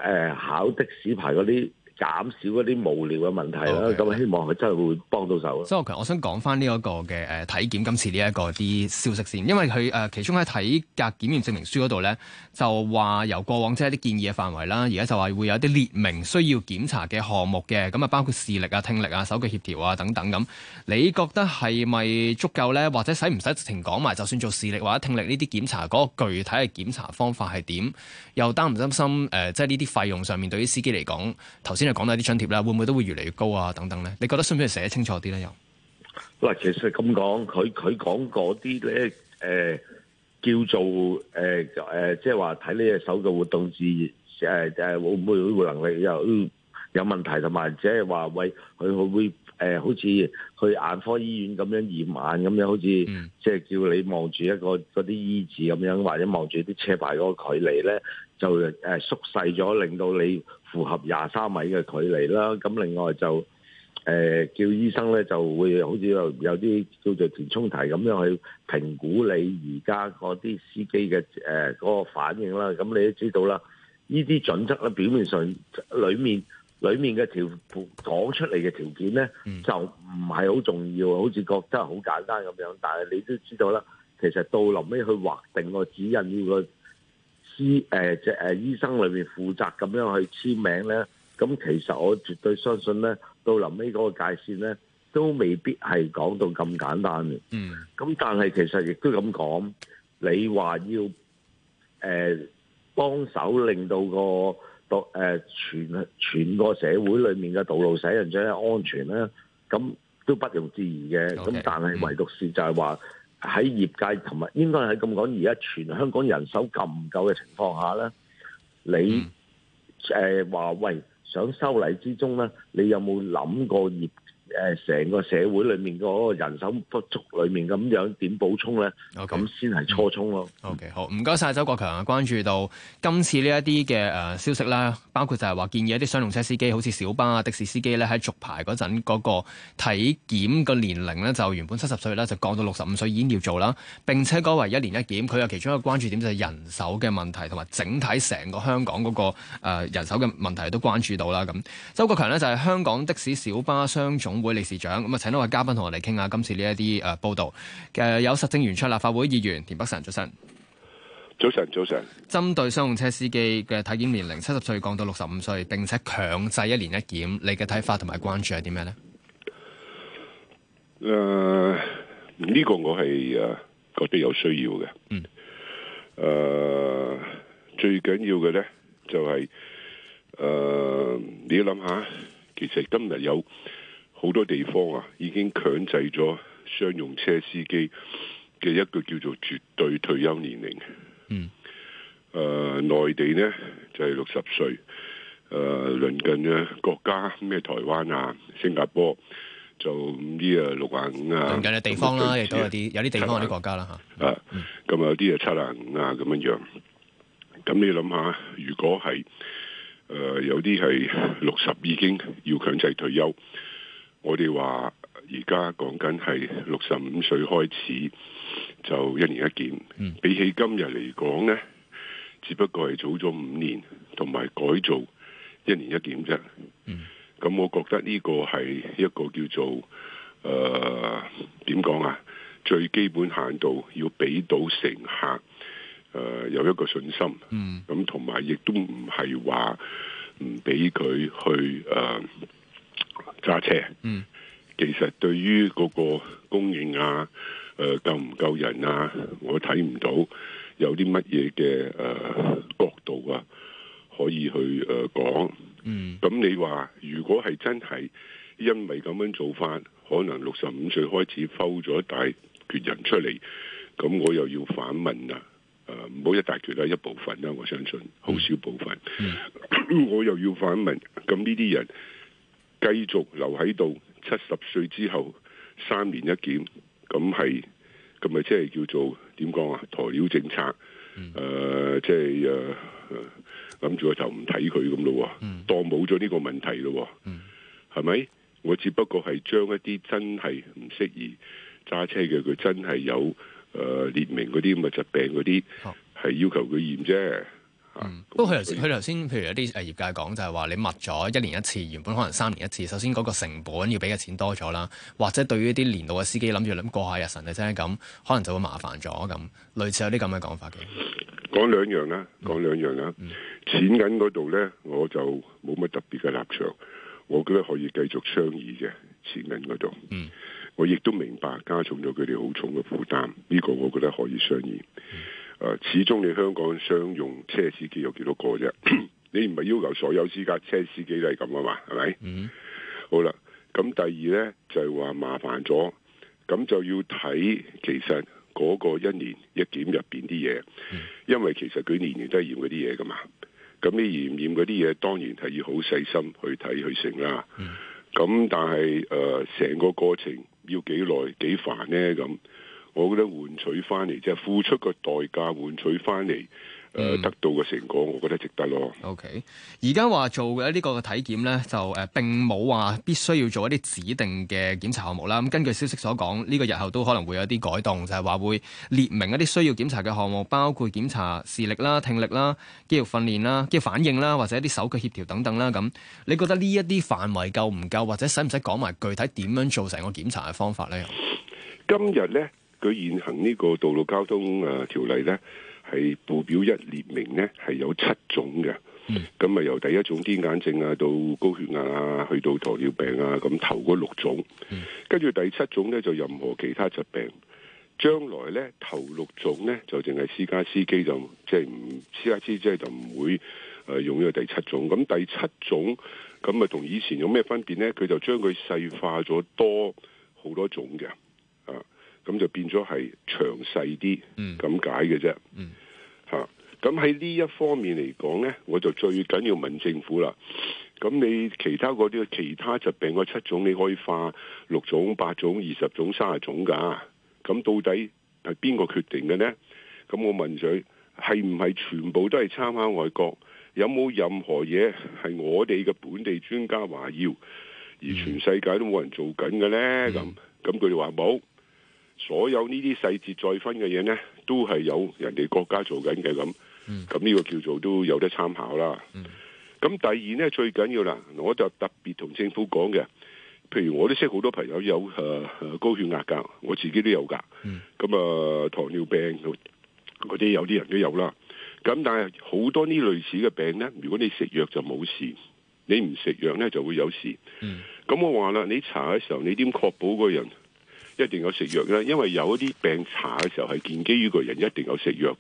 B: 呃、考的士牌嗰啲。減少一啲無聊嘅問題咁、okay, right. 希望佢真係會幫到手。
A: 周國強，我想講翻呢一個嘅誒體檢今次呢一個啲消息先，因為佢誒其中喺體格檢驗證明書嗰度咧，就話由過往即係啲建議嘅範圍啦，而家就話會有啲列明需要檢查嘅項目嘅，咁啊包括視力啊、聽力啊、手腳協調啊等等咁。你覺得係咪足夠咧？或者使唔使直情講埋？就算做視力或者聽力呢啲檢查，嗰、嗰個具體嘅檢查方法係點？又擔唔擔心誒即係呢啲費用上面對於司機嚟講，頭先。講下啲津貼啦，會唔會都會越嚟越高啊？等等咧，你覺得需唔需要寫清楚啲咧？又
B: 嗱，其實咁講，佢佢講嗰啲咧，誒、呃，叫做誒誒，即係話睇呢隻手嘅活動自誒誒，會唔會有能力又，有問題，同埋即係話喂，佢會唔會誒、呃，好似去眼科醫院咁樣驗眼咁樣，好似即係叫你望住一個嗰啲字咁樣，或者望住啲車牌嗰個距離咧，就誒縮細咗，令到你。符合廿三米嘅距離啦，咁另外就誒、呃、叫醫生咧，就會好似有有啲叫做填充題咁樣去評估你而家嗰啲司機嘅誒嗰個反應啦。咁你都知道啦，呢啲準則咧，表面上裏面裏面嘅條講出嚟嘅條件咧，就唔係好重要，好似覺得好簡單咁樣。但係你都知道啦，其實到臨尾去劃定個指引呢個。醫誒即誒醫生裏面負責咁樣去簽名咧，咁其實我絕對相信咧，到臨尾嗰個界線咧，都未必係講到咁簡單嘅。嗯。咁但係其實亦都咁講，你話要誒、呃、幫手令到個道誒、呃、全全個社會裏面嘅道路使用者安全咧，咁都不容置疑嘅。咁、嗯、但係唯獨係就係就係話。喺業界同埋應該係咁講，而家全香港人手咁唔夠嘅情況下咧，你誒話、嗯呃、喂，想修例之中咧，你有冇諗過業？誒成個社會裏面嗰個人手不足裏面咁樣點補充咧？咁先係初衷咯。OK，
A: 好，唔該晒，周國強啊！關注到今次呢一啲嘅誒消息啦，包括就係話建議一啲商用車司機，好似小巴啊、的士司機咧，喺續牌嗰陣嗰個體檢嘅年齡咧，就原本七十歲咧，就降到六十五歲已經要做啦。並且改為一年一檢。佢有其中一個關注點就係人手嘅問題，同埋整體成個香港嗰個人手嘅問題都關注到啦。咁，周國強呢，就係香港的士、小巴商總會理事長。咁啊，請多位嘉賓同我哋傾下今次呢一啲誒報道。誒、呃，有實政圓桌立法會議員田北辰早晨，
C: 早晨
A: 早晨。針對商用車司機嘅體檢年齡七十歲降到六十五歲，並且強制一年一檢，你嘅睇法同埋關注係點咩呢？誒、
C: 呃，呢、這個我係誒覺得有需要嘅。嗯。誒、呃，最緊要嘅咧就係、是、誒、呃，你要諗下，其實今日有。好多地方啊，已經強制咗商用車司機嘅一個叫做絕對退休年齡。嗯，誒、呃、內地呢，就係六十歲。誒、呃、鄰近嘅國家咩台灣啊、新加坡就呢啲啊、六啊五啊。鄰近嘅地方啦，有啲有啲地方有啲國家啦嚇。咁、嗯、啊有啲啊七啊五啊咁樣樣。咁你諗下，如果係誒、呃、有啲係六十已經要強制退休，我哋話而家講緊係六十五歲開始就一年一檢，嗯、比起今日嚟講呢，只不過係早咗五年同埋改造一年一檢啫。咁、嗯、我覺得呢個係一個叫做誒點講啊，最基本限度要俾到乘客誒、呃、有一個信心。咁同埋亦都唔係話唔俾佢去誒。呃揸車，嗯，其實對於嗰個供應啊，誒、呃，夠唔夠人啊，我睇唔到有啲乜嘢嘅誒角度啊，可以去誒講，嗯、呃，咁你話如果係真係因為咁樣做法，可能六十五歲開始剖咗一大缺人出嚟，咁我又要反問啊，誒、呃，唔好一大缺啦，一部分啦，我相信好少部分、嗯， 我又要反問，咁呢啲人。繼續留喺度，七十歲之後三年一檢，咁係咁咪即係叫做點講啊？鴕鳥政策，誒即係誒諗住我就唔睇佢咁咯，當冇咗呢個問題咯，係、嗯、咪？我只不過係將一啲真係唔適宜揸車嘅，佢真係有誒列明嗰啲咁嘅疾病嗰啲，係要求佢驗啫。
A: 嗯，不過佢頭先佢頭先，譬如有啲誒業界講就係話你密咗一年一次，原本可能三年一次，首先嗰個成本要俾嘅錢多咗啦，或者對於啲年老嘅司機諗住諗過下日神係真係咁，可能就會麻煩咗咁，類似有啲咁嘅講法嘅。
C: 講兩樣啦，啊，講兩樣啦，啊嗯。錢銀嗰度咧，我就冇乜特別嘅立場，我覺得可以繼續商議嘅錢銀嗰度。嗯，我亦都明白加重咗佢哋好重嘅負擔，呢、呢個我覺得可以商議。嗯誒，始終你香港商用車司機有幾多個啫？ 你唔係要求所有私家車司機都係咁啊嘛，係咪？Mm -hmm. 好啦，咁第二呢，就係、是、話麻煩咗，咁就要睇其實嗰個一年一檢入邊啲嘢，mm -hmm. 因為其實佢年年都係驗嗰啲嘢噶嘛。咁你驗唔驗嗰啲嘢，當然係要好細心去睇去成啦。咁、mm -hmm. 但係誒，成、呃、個過程要幾耐幾煩呢？咁。我覺得換取翻嚟即係付出個代價，換取翻嚟誒得到嘅成果，我覺得值得咯。
A: O K. 而家話做嘅呢個體檢咧，就誒、呃、並冇話必須要做一啲指定嘅檢查項目啦。咁根據消息所講，呢、這個日後都可能會有啲改動，就係、是、話會列明一啲需要檢查嘅項目，包括檢查視力啦、聽力啦、肌肉訓練啦、肌肉反應啦，或者一啲手腳協調等等啦。咁你覺得呢一啲範圍夠唔夠，或者使唔使講埋具體點樣做成個檢查嘅方法咧？
C: 今日咧？佢現行呢個道路交通誒、啊、條例咧，係報表一列明咧，係有七種嘅。咁啊，由第一種癲癇症啊，到高血壓啊，去到糖尿病啊，咁頭嗰六種。跟住第七種咧，就任何其他疾病。將來咧，頭六種咧，就淨係私，私家司機就即係唔私家司機就唔會誒、呃、用呢個第七種。咁第七種咁啊，同以前有咩分別咧？佢就將佢細化咗多好多種嘅。咁就變咗係詳細啲咁解嘅啫。嚇、嗯，咁喺呢一方面嚟講呢，我就最緊要問政府啦。咁你其他嗰啲其他疾病嗰七種，你可以化六種、八種、二十種、三十種㗎。咁到底係邊個決定嘅呢？咁我問佢係唔係全部都係參考外國？有冇任何嘢係我哋嘅本地專家話要，而全世界都冇人做緊嘅呢？咁咁佢哋話冇。所有呢啲細節再分嘅嘢呢，都係有人哋國家做緊嘅咁，咁呢個叫做都有得參考啦。咁第二呢，最緊要啦，我就特別同政府講嘅，譬如我都識好多朋友有、呃呃、高血壓㗎，我自己都有㗎。咁、嗯、啊、呃、糖尿病嗰啲有啲人都有啦。咁但係好多呢類似嘅病呢，如果你食藥就冇事，你唔食藥呢就會有事。咁、嗯、我話啦，你查嘅時候，你點確保個人一定有食藥啦，因為有一啲病查嘅時候係建基於個人一定有食藥。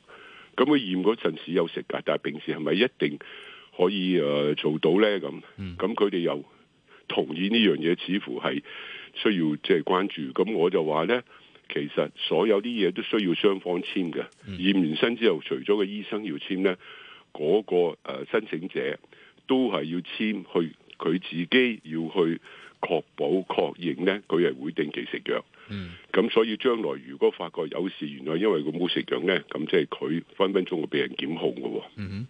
C: 咁佢驗嗰陣時有食噶，但係平時係咪一定可以誒、呃、做到咧？咁，咁佢哋又同意呢樣嘢，似乎係需要即係、就是、關注。咁我就話咧，其實所有啲嘢都需要雙方簽嘅。驗、嗯、完身之後，除咗個醫生要簽咧，嗰、個誒、呃、申請者都係要簽，去佢自己要去確保確認咧，佢係會定期食藥。嗯，咁所以將來如果發覺有事，原來因為佢冇食藥咧，咁即係佢分分鐘會被人檢控噶嗯哼，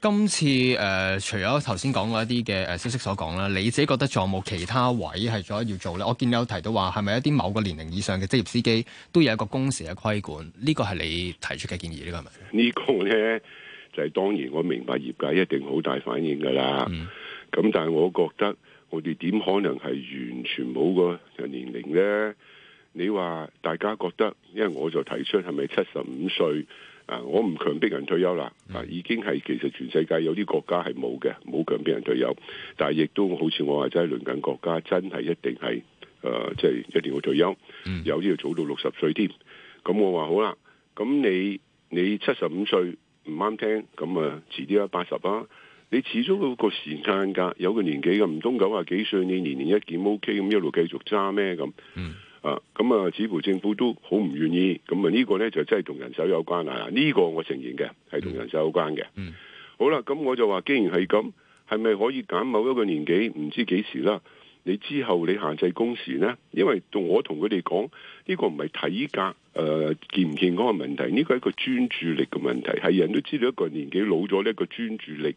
A: 今次誒、呃，除咗頭先講過一啲嘅誒消息所講啦，你自己覺得仲有冇其他位係咗要做咧？我見你有提到話係咪一啲某個年齡以上嘅職業司機都有一個公時嘅規管？呢、這個係你提出嘅建議、這個是是這個、
C: 呢個係咪？呢個咧就係、是、當然我明白業界一定好大反應噶啦。咁、嗯、但係我覺得。我哋點可能係完全冇個年齡呢？你話大家覺得，因為我就提出係咪七十五歲啊？我唔強迫人退休啦。啊，已經係其實全世界有啲國家係冇嘅，冇強迫人退休，但係亦都好似我話齋係鄰近國家真係一定係誒，即、呃、係、即係、一定要退休，有啲要早到六十歲添。咁我話好啦，咁你你七十五歲唔啱聽，咁啊遲啲啦，八十啦。你始終有個時間噶，有個年紀噶，唔通九廿幾歲你年年一檢 O K 咁一路繼續揸咩咁？嗯嗯啊，咁、嗯、啊，似乎政府都好唔願意。咁啊，呢個呢就真係同人手有關啊。呢、這個我承認嘅係同人手有關嘅。嗯、好啦，咁、嗯嗯、我就話，既然係咁，係咪可以揀某一個年紀？唔知幾時啦。你之後你限制工時呢？因為我同佢哋講，呢、這個唔係體格誒健唔健康嘅問題，呢、這個係一個專注力嘅問題。係人都知道一個年紀老咗呢，這個專注力。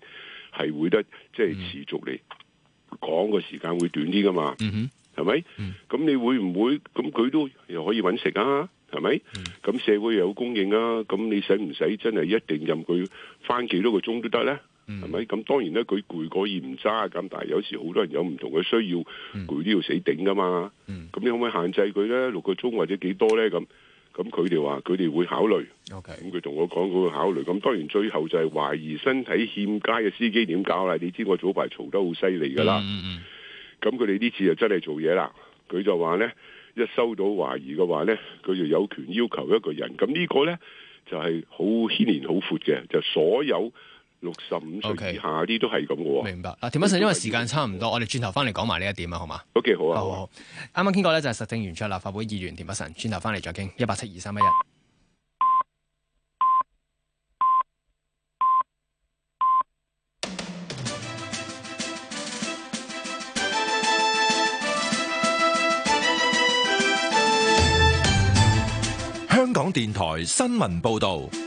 C: 係會得即係持續嚟講個時間會短啲噶嘛，係、嗯、咪？咁、嗯、你會唔會咁佢都又可以搵食啊？係咪？咁、嗯、社會又有供應啊？咁你使唔使真係一定任佢返幾多個鐘都得咧？係、嗯、咪？咁當然咧，佢攰可以唔揸咁，但係有時好多人有唔同嘅需要，攰都要死頂噶嘛。咁、嗯、你可唔可以限制佢咧？六個鐘或者幾多咧？咁？咁佢哋話佢哋會考慮，咁佢同我講佢會考慮。咁當然最後就係懷疑身體欠佳嘅司機點搞啦？你知我早排嘈得好犀利噶啦。咁佢哋呢次就真係做嘢啦。佢就話呢，一收到懷疑嘅話呢，佢就有權要求一個人。咁呢個呢，就係好牽連、好闊嘅，就是、所有。六十五歲以下啲，okay。都係咁嘅喎。明白。嗱，
A: 田北辰，因為時間差唔多，我哋轉頭翻嚟講埋呢一點啊，好嘛？好嘅，好啊，好好，好。啱啱傾過咧，就係實政圓桌立法會議員田北辰轉頭翻嚟再傾。一八七二三一一。
F: 香港電台新聞報道。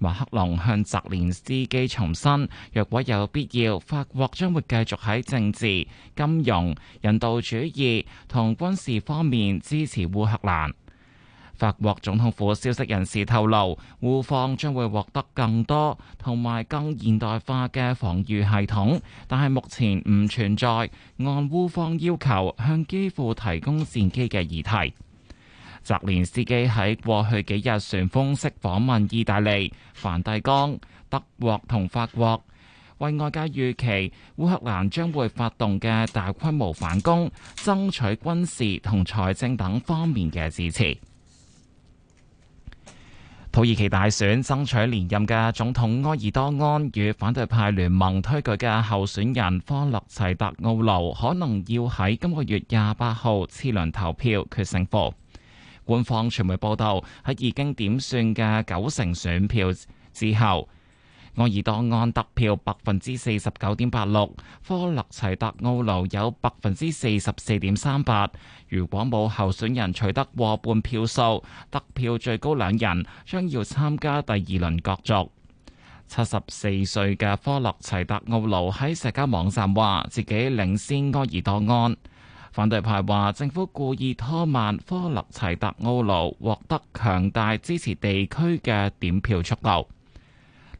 D: 馬克龍向澤連斯基重申，若果有必要，法國將會繼續喺政治、金融、人道主義同軍事方面支持烏克蘭。法國總統府消息人士透露，烏方將會獲得更多同埋更現代化嘅防禦系統，但係目前唔存在按烏方要求向基輔提供戰機嘅議題。澤連斯基喺過去幾日旋風式訪問意大利、梵蒂岡、德國同法國，為外界預期烏克蘭將會發動嘅大規模反攻，爭取軍事同財政等方面嘅支持。土耳其大選爭取連任嘅總統埃爾多安與反對派聯盟推舉嘅候選人科勒齊達奧盧可能要喺今個月廿八號次輪投票決勝負。官方傳媒報道，喺已經點算嘅九成選票之後，愛爾多安得票百分之四十九點八六，科勒齊達奧盧有百分之四十四點三八。如果冇候選人取得過半票數，得票最高兩人將要參加第二輪角逐。七十四歲嘅科勒齊達奧盧喺社交網站話自己領先愛爾多安。反對派話，政府故意拖慢科立齊達奧路獲得強大支持地區嘅點票速度。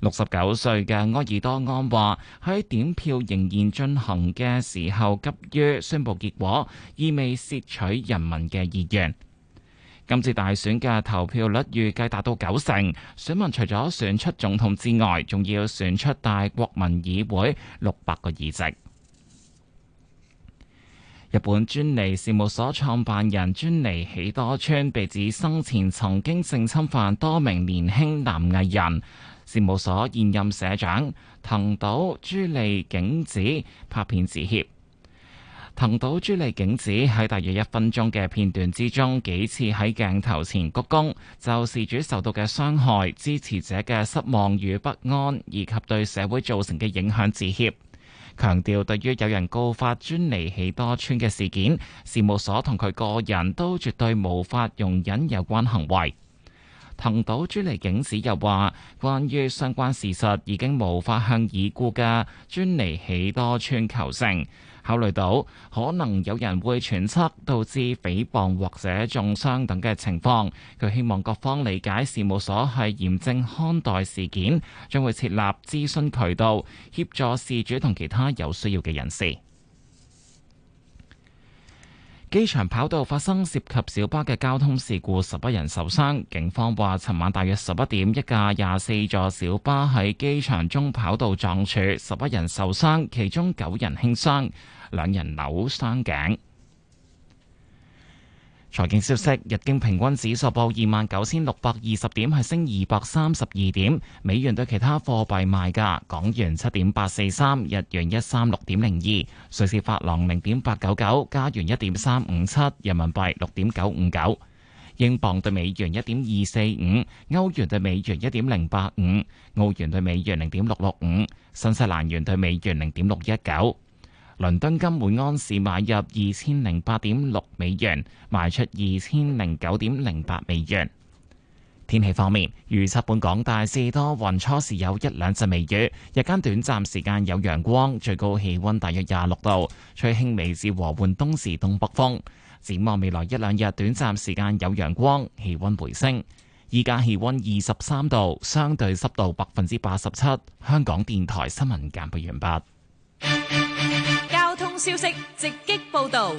D: 六十九歲嘅埃爾多安話：喺點票仍然進行嘅時候急於宣布結果，意味竊取人民嘅意願。今次大選嘅投票率預計達到九成，選民除咗選出總統之外，仲要選出大國民議會六百個議席。日本尊尼事務所創辦人尊尼喜多川被指生前曾經性侵犯多名年輕男藝人，事務所現任社長藤島朱莉景子拍片致歉。藤島朱莉景子喺大約一分鐘嘅片段之中，幾次喺鏡頭前鞠躬，就事主受到嘅傷害、支持者嘅失望與不安，以及對社會造成嘅影響致歉。強調對於有人告發尊尼喜多川嘅事件，事務所同佢個人都絕對無法容忍有關行為。藤島朱利警史又話，關於相關事實已經無法向已故嘅尊尼喜多川求證。考慮到可能有人會揣測，導致誹謗或者中傷等嘅情況，佢希望各方理解事務所係嚴正看待事件，將會設立諮詢渠道，協助事主同其他有需要嘅人士。機場跑道發生涉及小巴嘅交通事故，十一人受傷。警方話，尋晚大約十一點，一架廿四座小巴喺機場中跑道撞柱，十一人受傷，其中九人輕傷。兩人扭傷頸。財經消息，日經平均指數報二萬九千六百二十點，係升二百三十二點。美元對其他貨幣賣價，港元七點八四三，日元一三六點零二，瑞士法郎零點八九九，加元一點三五七，人民幣六點九五九，英鎊對美元一點二四五，歐元對美元一點零八五，澳元對美元零點六六五，新西蘭元對美元零點六一九。倫敦金每安士買入二千零八點六美元，賣出二千零九點零八美元。天氣方面，預測本港大致多雲，雲初時有一兩陣微雨，日間短暫時間有陽光，最高氣溫大約廿六度，吹輕微至和緩東至東北風。展望未來一兩日，短暫時間有陽光，氣溫回升。依家氣溫二十三度，相對濕度百分之八十七。香港電台新聞簡報完畢。
E: 消息直擊報道。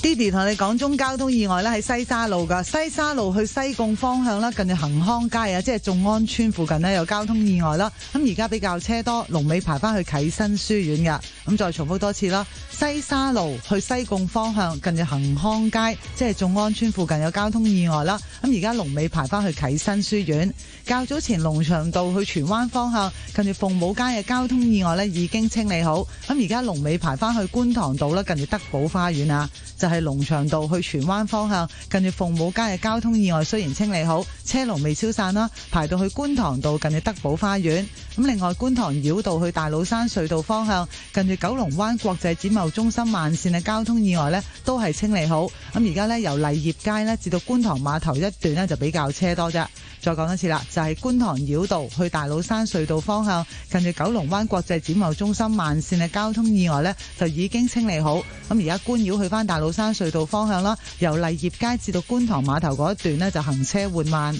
E: Didi 同你講中交通意外咧喺西沙路噶，西沙路去西貢方向啦，近住恒康街啊，即係眾安村附近呢，有交通意外啦。咁而家比較車多，龍尾排翻去啟新書院噶。咁再重複多次啦，西沙路去西貢方向，近住恒康街，即係眾安村附近有交通意外啦。咁而家龍尾排翻去啟新書院。較早前龍翔道去荃灣方向，近住鳳舞街嘅交通意外咧已經清理好。咁而家龍尾排翻去觀塘道啦，近住德寶花園啊。係龍翔道去荃灣方向，近住鳳舞街嘅交通意外雖然清理好，車龍未消散啦，排到去觀塘道近住德寶花園。咁另外觀塘繞道去大老山隧道方向，近住九龍灣國際展貿中心慢線嘅交通意外呢都係清理好。咁而家呢，由勵業街呢至到觀塘碼頭一段呢，就比較車多啫。再講多次啦，就係、是、觀塘繞道去大老山隧道方向，近住九龍灣國際展貿中心慢線嘅交通意外呢，就已經清理好。咁而家觀繞去返大老山隧道方向啦，由勵業街至到觀塘碼頭嗰一段呢，就行車緩慢。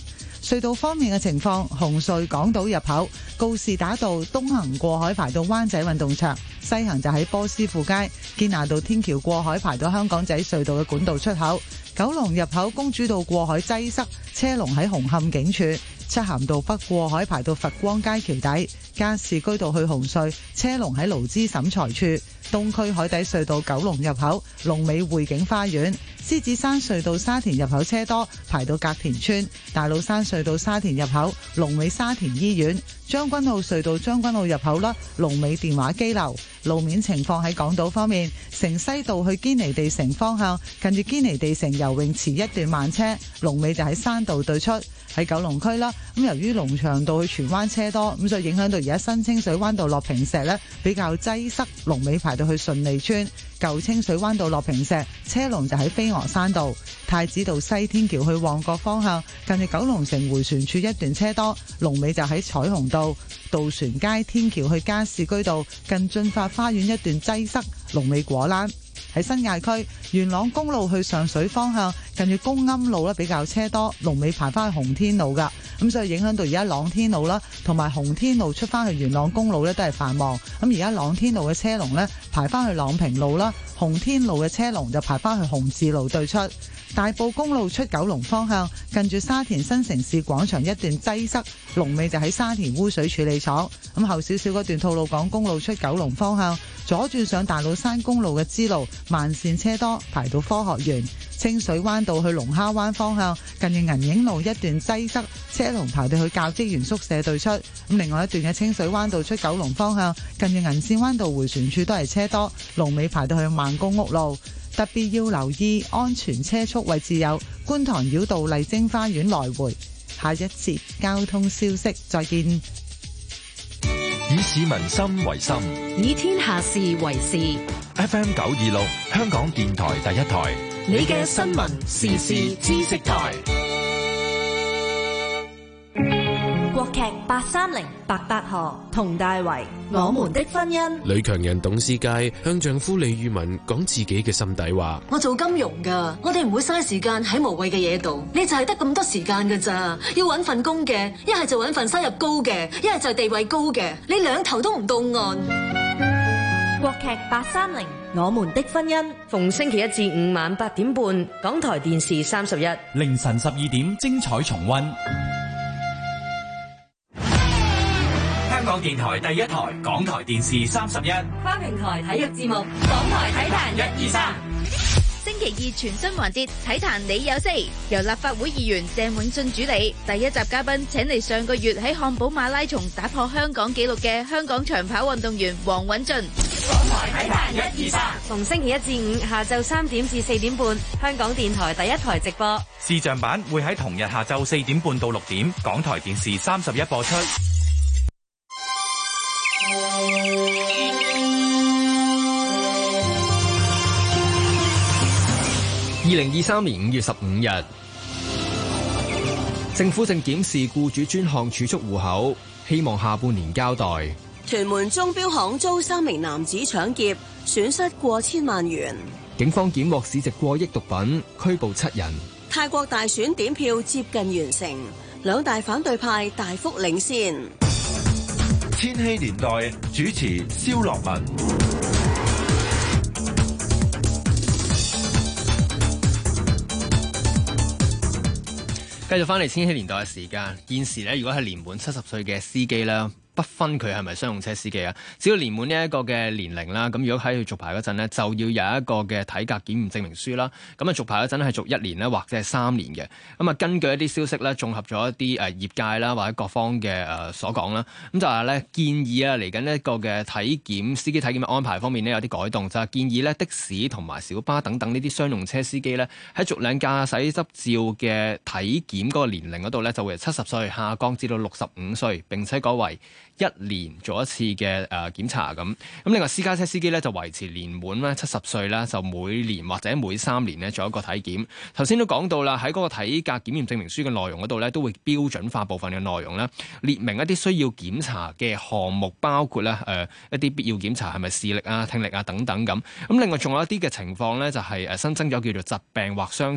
E: 隧道方面嘅情況，紅隧港島入口告士打道東行過海排到灣仔運動場，西行就喺波斯富街堅拿道天橋過海排到香港仔隧道嘅管道出口；九龍入口公主道過海擠塞，車龍喺紅磡警署；漆咸道北過海排到佛光街橋底。加士居道去紅隧車龍喺勞資審裁處，東區海底隧道九龍入口龍尾匯景花園，獅子山隧道沙田入口車多排到隔田村，大老山隧道沙田入口龍尾沙田醫院，將軍澳隧道將軍澳入口啦，龍尾電話機樓。路面情況喺港島方面，城西道去堅尼地城方向近住堅尼地城游泳池一段慢車，龍尾就喺山道對出，喺九龍區啦。咁由於龍翔道去荃灣車多，咁所以影響到。而家新清水灣道落坪石呢，比較擠塞，龍尾排到去順利村；舊清水灣道落坪石車龍就喺飛鵝山道、太子道西天橋去旺角方向，近住九龍城回旋處一段車多，龍尾就喺彩虹道、渡船街天橋去加士居道近駿發花園一段擠塞，龍尾果欄。喺新界區元朗公路去上水方向，近住公庵路呢，比較車多，龍尾排翻去紅天路噶，咁所以影響到而家朗天路啦，同埋紅天路出翻去元朗公路呢都係繁忙，咁而家朗天路嘅車龍呢，排翻去朗平路朗屏路啦，紅天路嘅車龍就排翻去紅志路對出。大埔公路出九龍方向，近住沙田新城市廣場一段擠塞，龍尾就喺沙田污水處理廠。咁後少少嗰段吐露港公路出九龍方向，左轉上大老山公路嘅支路，慢線車多，排到科學園。清水灣道去龍蝦灣方向，近住銀影路一段擠塞，車龍排到去教職員宿舍對出。咁另外一段嘅清水灣道出九龍方向，近住銀線灣道迴旋處都係車多，龍尾排到去萬公屋路。特別要留意安全車速位置，有觀塘繞道麗晶花園來回。下一節交通消息，再見。
F: 以市民心為心，
E: 以天下事
D: 為事。
F: FM 九二六，香港電台第一台，
D: 你嘅新聞時事知識台。
A: 八三零，白百何，佟大為，我們的婚姻。
B: 女強人董事界向丈夫李宇文講自己嘅心底話：
A: 我做金融噶，我哋唔會嘥時間喺無謂嘅嘢度。你就係得咁多時間噶咋？要搵份工嘅，一係就搵份收入高嘅，一係就地位高嘅，你兩頭都唔到岸。國劇八三零，我們的婚姻，逢星期一至五晚八點半，港台電視三十一，
D: 凌晨十二點精彩重溫。香港電台第一台，港台電視三十一跨平台體育節目，港台體壇一
A: 二三，星期二全新環節《體壇你有事》，由立法會議員鄭永俊主理。第一集嘉賓請嚟上個月喺漢堡馬拉松打破香港紀錄嘅香港長跑運動員黃允俊。
B: 港台體
G: 壇
A: 一二三，逢星期一至五下晝三點至四點半，香港電台第一
E: 台直播。
D: 視像版會喺同日下晝四點半到六點，港台電視三十一播
A: 出。二零二三年五月十五日，政府正檢視雇主專項儲蓄戶口，希望下半年交代。屯門鐘錶行遭三名男子搶劫，損失過千萬元。警方檢獲市值過億毒品，拘捕七人。泰國大選點票接近完成，兩大反對派大幅領先。
B: 千禧年代主持蕭樂文，
A: 繼續翻嚟千禧年代嘅時間。現時咧，如果係年滿七十歲嘅司機啦。不分佢係咪商用車司機啊，只要年滿呢一個嘅年齡啦，咁如果喺佢續牌嗰陣咧，就要有一個嘅體格檢驗證明書啦。咁啊，續牌嗰陣係續一年呢，或者係三年嘅。咁啊，根據一啲消息咧，綜合咗一啲誒業界啦或者各方嘅誒所講啦，咁就係、是、咧建議啊，嚟緊呢一個嘅體檢司機體檢嘅安排方面呢，有啲改動，就係、是、建議呢的士同埋小巴等等呢啲商用車司機呢，喺續領駕駛執照嘅體檢嗰個年齡嗰度呢，就會由七十歲下降至到六十五歲，並且改為，一年做一次嘅誒檢查咁，咁另外私家車司機咧就維持年滿啦七十歲啦，就每年或者每三年咧做一個體檢，頭先都講到啦，喺嗰個體格檢驗證明書嘅內容嗰度咧，都會標準化部分嘅內容啦，列明一啲需要檢查嘅項目，包括咧誒一啲必要檢查係咪視力啊、聽力啊等等咁。咁另外仲有一啲嘅情況咧，就係誒新增咗叫做疾病或傷殘，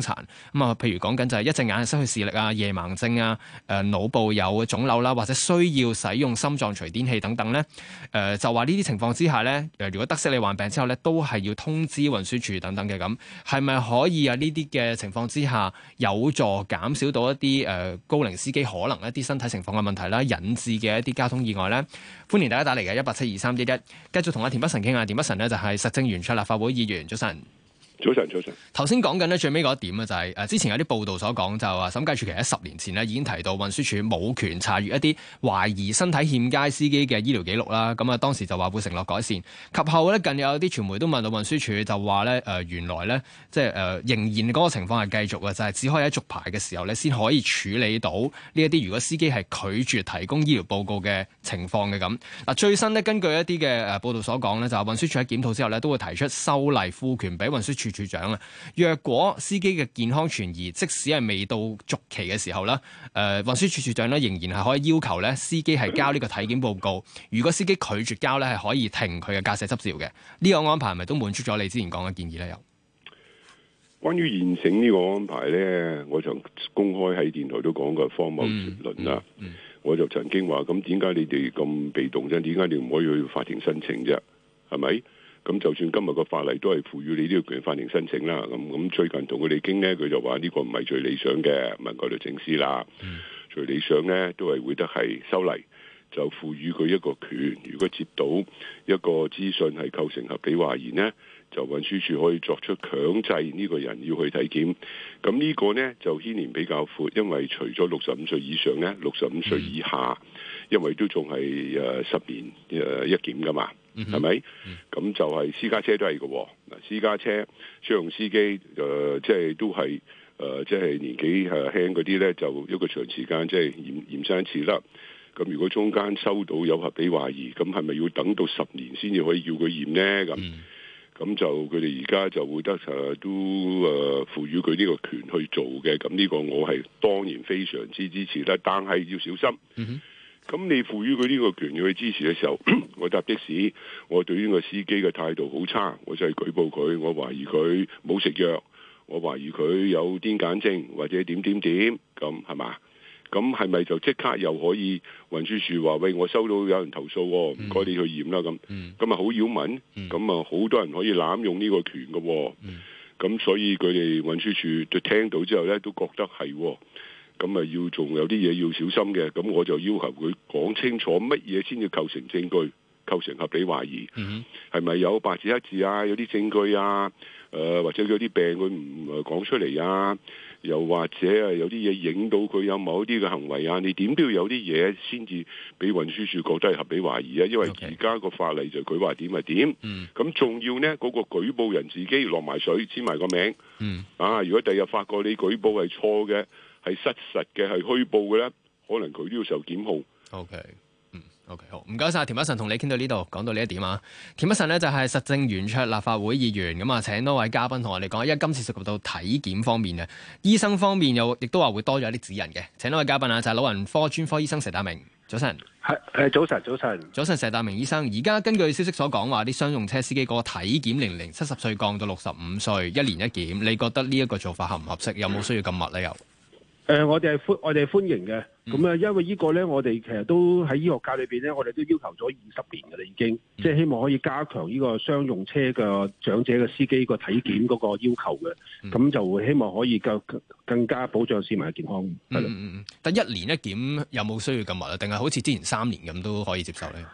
A: 咁啊，譬如講緊就係一隻眼失去視力啊、夜盲症啊、誒腦部有腫瘤啦，或者需要使用心臟。除電器等等呢，誒、呃、就話呢啲情況之下呢，誒、呃、如果得悉你患病之後呢，都係要通知運輸署等等嘅咁，係咪可以啊？呢啲嘅情況之下，有助減少到一啲誒、呃、高齡司機可能一啲身體情況嘅問題啦，引致嘅一啲交通意外呢？歡迎大家打嚟嘅一八七二三一一，繼續同阿田北辰傾下。阿田北辰呢，就係實政圓桌立法會議員，早晨。
C: 早晨，早晨。
A: 頭先講緊咧最尾嗰一點啊，就是，就係誒之前有啲報道所講就話，審計處其實喺十年前咧已經提到運輸署冇權查閱一啲懷疑身體欠佳司機嘅醫療記錄啦。咁啊當時就話會承諾改善，及後咧近有啲傳媒都問到運輸署就話咧誒，原來咧即係誒仍然嗰個情況係繼續嘅，就係，是，只可以喺續牌嘅時候咧先可以處理到呢一啲，如果司機係拒絕提供醫療報告嘅情況嘅咁。嗱最新咧根據一啲嘅，誒報道所講咧就係運輸署喺檢討之後咧都會提出修例賦權俾運輸署，署長啦，若果司機嘅健康存疑，即使係未到續期嘅時候啦，誒、呃，運輸署署長咧仍然係可以要求咧司機係交呢個體檢報告。如果司機拒絕交咧，係可以停佢嘅駕駛執照嘅。呢、這個安排係咪都滿足咗你之前講嘅建議咧？又
C: 關於現成呢個安排咧，我就公開喺電台都講過荒謬絕倫啦。我就曾經話：，咁點解你哋咁被動啫？點解你唔可以去法庭申請啫？係咪？咁就算今日個法例都係賦予你呢個權，法庭申請啦。咁咁最近同佢哋傾呢，佢就話呢個唔係最理想嘅，問過律政司啦。最理想呢都係會得係修例，就賦予佢一個權。如果接到一個資訊係構成合理懷疑呢，就運輸署可以作出強制呢個人要去體檢。咁呢個呢就牽連比較闊，因為除咗六十五歲以上呢，六十五歲以下，因為都仲係誒十年一檢噶嘛。係、mm、咪 -hmm.？咁就係私家車都係噶。嗱，私家車商用司機誒，即、呃、係、就是、都係誒，即、呃、係、就是、年紀誒輕嗰啲咧，就一個長時間即係驗驗身一次啦。咁如果中間收到有合理懷疑，咁係咪要等到十年先至可以要佢驗呢？咁咁、mm -hmm. 就佢哋而家就會得誒，都誒賦予佢呢個權去做嘅。咁呢個我係當然非常之支持啦，但係要小心。Mm -hmm. 咁你賦予佢呢個權要去支持嘅時候， 我搭的士，我對於個司機嘅態度好差，我就係舉報佢，我懷疑佢冇食藥，我懷疑佢有癲癇症或者點點點咁係嘛？咁係咪就即刻又可以運輸署話喂我收到有人投訴、哦，唔、嗯、該你去驗啦咁？咁咪好擾民？咁啊好多人可以濫用呢個權嘅、哦，咁、嗯、所以佢哋運輸署就聽到之後咧，都覺得係、哦。咁咪要仲有啲嘢要小心嘅，咁我就要求佢講清楚乜嘢先至構成證據、構成合理懷疑，係、mm、咪 -hmm. 有白字黑字啊？有啲證據啊？誒、呃，或者有啲病佢唔講出嚟啊？又或者啊，有啲嘢影到佢有某一啲嘅行為啊？你點都要有啲嘢先至俾運輸署覺得係合理懷疑啊？因為而家個法例就佢話點係點，咁、mm、仲 -hmm. 要呢嗰、嗰個舉報人自己落埋水，簽埋個名，mm -hmm. 啊！如果第日發覺你舉報係錯嘅。係失實嘅，係虛報嘅咧。可能佢都要受檢
A: 控。OK，嗯，OK，好，唔該晒田北辰，同你傾到呢度，講到呢一點啊。田北辰呢就係實政圓桌立法會議員咁啊，請多位嘉賓同我哋講，因為今次涉及到體檢方面啊，醫生方面又亦都話會多咗一啲指引嘅，請多位嘉賓啊，就係老人科專科醫生佘達明。早晨，
F: 係早晨，早晨，
A: 早晨，佘達明醫生。而家根據消息所講話，啲商用車司機個體檢年齡七十歲降到六十五歲，一年一檢。你覺得呢一個做法合唔合適？有冇需要咁密呢？又、嗯？
F: 誒、呃，我哋係歡，我哋係歡迎嘅。咁啊，因為這個呢個咧，我哋其實都喺醫學界裏邊咧，我哋都要求咗二十年噶啦，已經，即、嗯、係希望可以加強呢個商用車嘅長者嘅司機個體檢嗰個要求嘅。咁、嗯、就希望可以更更加保障市民嘅健康。嗯嗯
A: 嗯。但一年一檢有冇需要咁話咧？定係好似之前三年咁都可以接受咧？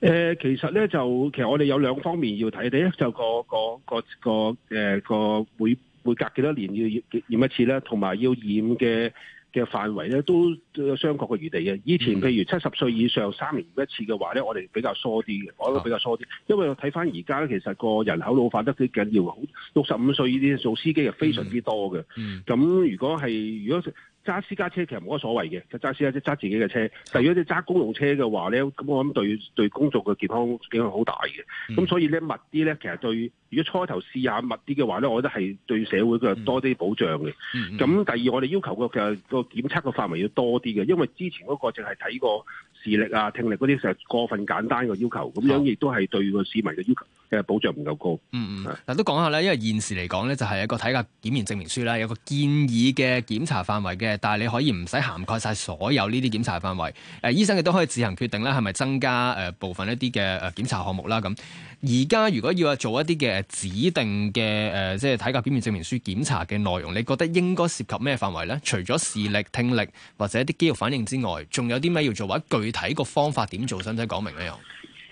F: 誒、呃，其實咧就其實我哋有兩方面要睇。第一就個個個個誒個，、呃、個每。會隔幾多年要驗一次咧，同埋要驗嘅嘅範圍咧都有相各嘅餘地嘅。以前譬如七十歲以上，mm -hmm. 三年一次嘅話咧，我哋比較疏啲嘅，我都比較疏啲。因為我睇翻而家咧，其實個人口老化得幾緊要，好六十五歲呢做司機嘅非常之多嘅。咁、mm -hmm. 如果係如果。揸私家車其實冇乜所謂嘅，就揸私家車揸自己嘅車。但係如果啲揸公用車嘅話咧，咁我諗對對公眾嘅健康影響好大嘅。咁、嗯、所以咧密啲咧，其實對如果初頭試下密啲嘅話咧，我覺得係對社會多啲保障嘅。咁、嗯嗯、第二，我哋要求的個嘅個檢測嘅範圍要多啲嘅，因為之前嗰個淨係睇個視力啊、聽力嗰啲，其實過分簡單嘅要求，咁、嗯、樣亦都係對個市民嘅要求嘅保障唔夠高。嗯
A: 嗯，嗱都講下咧，因為現時嚟講咧就係、是、一個體格檢驗證明書啦，有個建議嘅檢查範圍嘅。但係你可以唔使涵蓋晒所有呢啲檢查範圍，誒，醫生亦都可以自行決定咧，係咪增加誒部分一啲嘅誒檢查項目啦。咁，而家如果要話做一啲嘅指定嘅誒，即係體格檢驗證明書檢查嘅內容，你覺得應該涉及咩範圍咧？除咗視力、聽力或者啲肌肉反應之外，仲有啲咩要做？或者具體個方法點做？使唔使講明呢樣？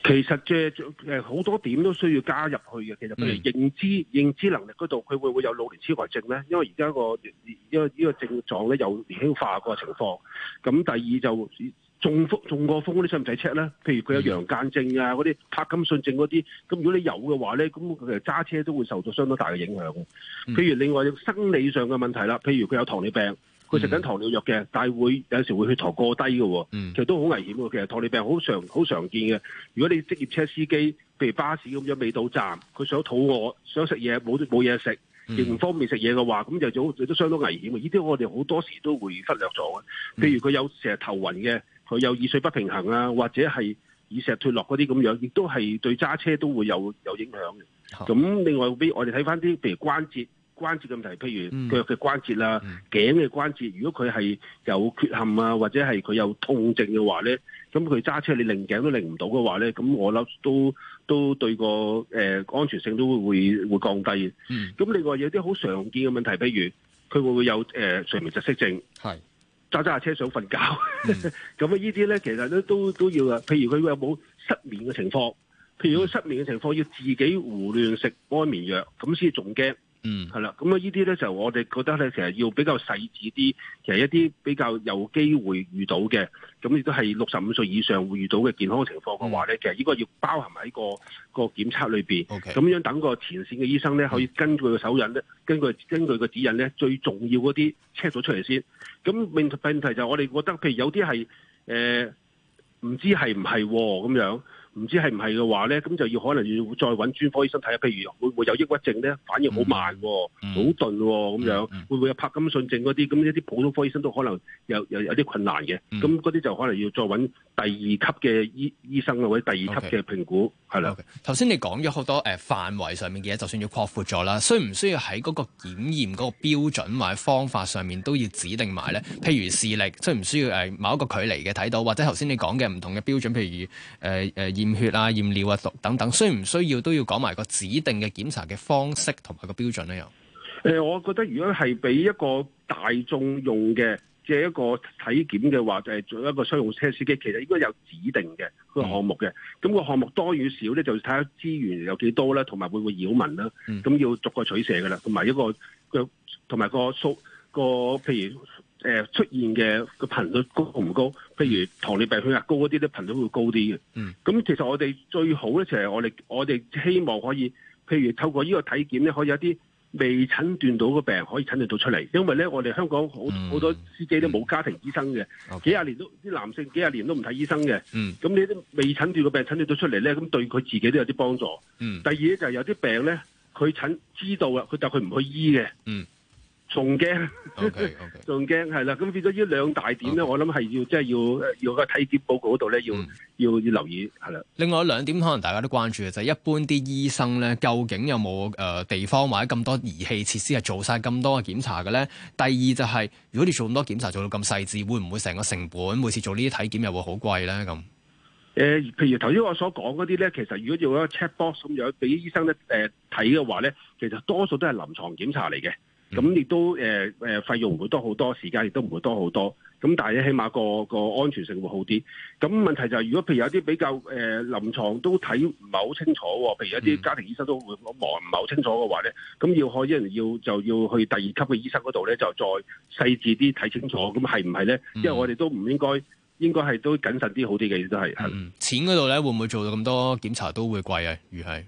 F: 其實嘅誒好多點都需要加入去嘅，其實譬如認知、認知能力嗰度，佢會唔會有老年痴呆症咧？因為而家、呢個，因為呢個症狀咧有年輕化個情況。咁第二就中風、中過風嗰啲，使唔使 check 咧？譬如佢有陽間症啊，嗰啲帕金遜症嗰啲。咁如果你有嘅話咧，咁佢哋揸車都會受到相當大嘅影響。譬如另外生理上嘅問題啦，譬如佢有糖尿病。佢食緊糖尿藥嘅，但係會有時會血糖過低嘅、嗯，其實都好危險。其實糖尿病好常好常見嘅。如果你職業車司機，譬如巴士咁樣未到站，佢想肚餓，想食嘢，冇冇嘢食，亦唔、嗯、方便食嘢嘅話，咁就就都相當危險。呢啲我哋好多時都會忽略咗。譬如佢有成日頭暈嘅，佢有耳水不平衡啊，或者係耳石脫落嗰啲咁樣，亦都係對揸車都會有有影響嘅。咁另外我哋睇翻啲譬如關節。關節嘅問題，譬如腳嘅關節啦、啊、頸嘅關節，如果佢係有缺陷啊，或者係佢有痛症嘅話咧，咁佢揸車你擰頸都擰唔到嘅話咧，咁我諗都都對個誒、呃、安全性都會會降低。咁、嗯、另外有啲好常見嘅問題，譬如佢會會有誒睡、呃、眠窒息症，係揸揸下車想瞓覺，咁、嗯、啊 呢啲咧，其實都都都要啊。譬如佢有冇失眠嘅情況，譬如佢失眠嘅情況、嗯、要自己胡亂食安眠藥，咁先仲驚。嗯是，係啦，咁啊呢啲咧就我哋覺得咧，其實要比較細緻啲，其實一啲比較有機會遇到嘅，咁亦都係六十五歲以上會遇到嘅健康情況嘅話咧，其實呢個要包含喺個個檢測裏邊。Okay，咁樣等個前線嘅醫生咧，可以根據個手印咧，根據根據個指引咧，最重要嗰啲 check 咗出嚟先。咁問題就我哋覺得，譬如有啲係誒，呃，唔知係唔係咁樣。唔知係唔係嘅話咧，咁就要可能要再揾專科醫生睇下。譬如會唔會有抑鬱症咧？反應好慢，啊，好頓咁樣，會唔會有帕金遜症嗰啲？咁一啲普通科醫生都可能有有有啲困難嘅。咁嗰啲就可能要再揾第二級嘅醫醫生或者第二級嘅評估。係、okay. 啦。頭、
A: okay. 先你講咗好多誒、呃、範圍上面嘅嘢，就算要擴闊咗啦，需唔需要喺嗰個檢驗嗰個標準或者方法上面都要指定埋咧？譬如視力，需唔需要誒某一個距離嘅睇到？或者頭先你講嘅唔同嘅標準，譬如誒誒。呃呃驗血啊、驗尿啊等等，需唔需要都要講埋個指定嘅檢查嘅方式同埋個標準咧？又，
F: 誒，我覺得如果係俾一個大眾用嘅，即係一個體檢嘅話，就係、是、做一個商用車司機，其實應該有指定嘅個項目嘅。咁、嗯那個項目多與少咧，就睇下資源有幾多啦，同埋會唔會擾民啦？咁、嗯、要逐個取捨噶啦，同埋一個一個，同埋個數個，譬如。誒，出現嘅個頻率高唔高？譬如糖尿病、血壓高嗰啲咧，頻率會高啲嘅。嗯，咁其實我哋最好咧，其實我哋我哋希望可以，譬如透過呢個體檢咧，可以有啲未診斷到嘅病可以診斷到出嚟。因為咧，我哋香港好好、嗯、多司機都冇家庭醫生嘅、嗯，幾廿年都啲男性幾廿年都唔睇醫生嘅。嗯，咁呢啲未診斷嘅病診斷到出嚟咧，咁對佢自己都有啲幫助。嗯，第二咧就係有啲病咧，佢診知道呀，佢但佢唔去醫嘅。嗯。仲驚，仲驚係啦，咁變咗呢兩大點咧，okay，我諗係要，即、就、係、是、要，要個體檢報告嗰度咧，要，要、嗯，要留意係
A: 啦。另外兩點可能大家都關注嘅就係、是，一般啲醫生咧，究竟有冇誒、呃、地方或者咁多儀器設施係做晒咁多嘅檢查嘅咧？第二就係、是，如果你做咁多檢查，做到咁細緻，會唔會成個成本每次做呢啲體檢又會好貴咧？咁、
F: 呃、誒，譬如頭先我所講嗰啲咧，其實如果做一個 check box 咁樣俾醫生咧，誒睇嘅話咧，其實多數都係臨床檢查嚟嘅。咁、嗯、亦都誒誒、呃、費用唔會多好多，時間亦都唔會多好多。咁但係起碼個個安全性會好啲。咁問題就係、是，如果譬如有啲比較誒、呃、臨床都睇唔係好清楚，譬如有啲家庭醫生都會望唔係好清楚嘅話咧，咁、嗯、要開啲人要就要去第二級嘅醫生嗰度咧，就再細緻啲睇清楚，咁係唔係咧？因為我哋都唔應該應該係都謹慎啲
A: 好啲嘅，亦都係、嗯。錢嗰度咧，會唔會做到咁多檢查都會貴啊？如係。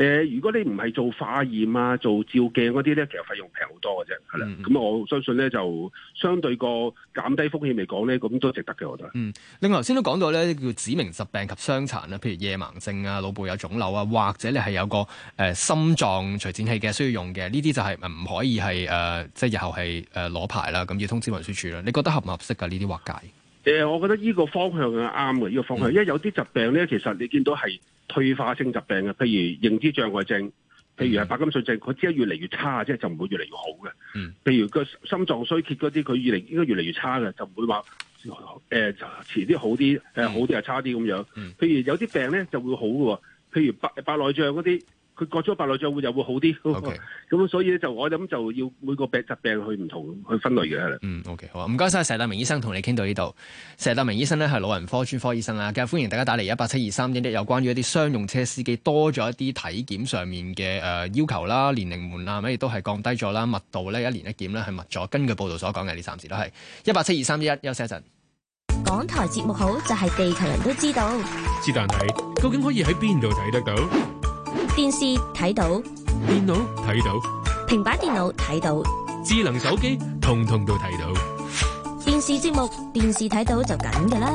F: 誒，如果你唔係做化驗啊，做照鏡嗰啲咧，其實費用平好多嘅啫，
A: 係
G: 啦。
F: 咁、嗯、我相信咧就相對個減低風險嚟講咧，咁都值得嘅，我覺得。
A: 嗯，另外頭先都講到咧，叫指明疾病及傷殘啦，譬如夜盲症啊、腦部有腫瘤啊，或者你係有個誒、呃、心臟除顫器嘅需要用嘅，呢啲就係唔可以係誒，即係日後係誒攞牌啦，咁要通知運輸署啦。你覺得合唔合適噶呢啲劃界？
F: 誒、呃，我覺得呢個方向係啱嘅，呢、呢個方向，嗯、因為有啲疾病咧，其實你見到係退化性疾病嘅，譬如認知障礙症，譬如係柏金遜症，佢只係越嚟越差，即係就唔會越嚟越好嘅。嗯，譬如個心臟衰竭嗰啲，佢越嚟應該越嚟越差嘅，就唔會
G: 話誒、呃、遲
F: 啲好啲，誒、呃、好啲又差啲咁樣。譬、嗯、如有啲病咧就會好喎，譬如白白內障嗰啲。佢割咗白內障會就會好啲，咁、okay. 所以咧就我諗就要每個病疾病去唔同去分類
A: 嘅嗯，OK，好，唔該晒佘達明醫生同你傾到呢度。佘達明醫生咧係老人科專科醫生啦，今日歡迎大家打嚟一八七二三一一，有關於一啲商用車司機多咗一啲體檢上面嘅誒、呃、要求啦，年齡門啊乜嘢都係降低咗啦，密度咧一年一檢咧係密咗。根據報道所講嘅，呢暫時都係一八七二三一一。17231, 休息一陣。港台節目好就係地球人都知道。知但係，究竟可以喺邊度睇得到？電視睇到，電腦睇到，平板電腦睇到，智能手機通通都睇到。電視節目電視睇到就梗㗎啦，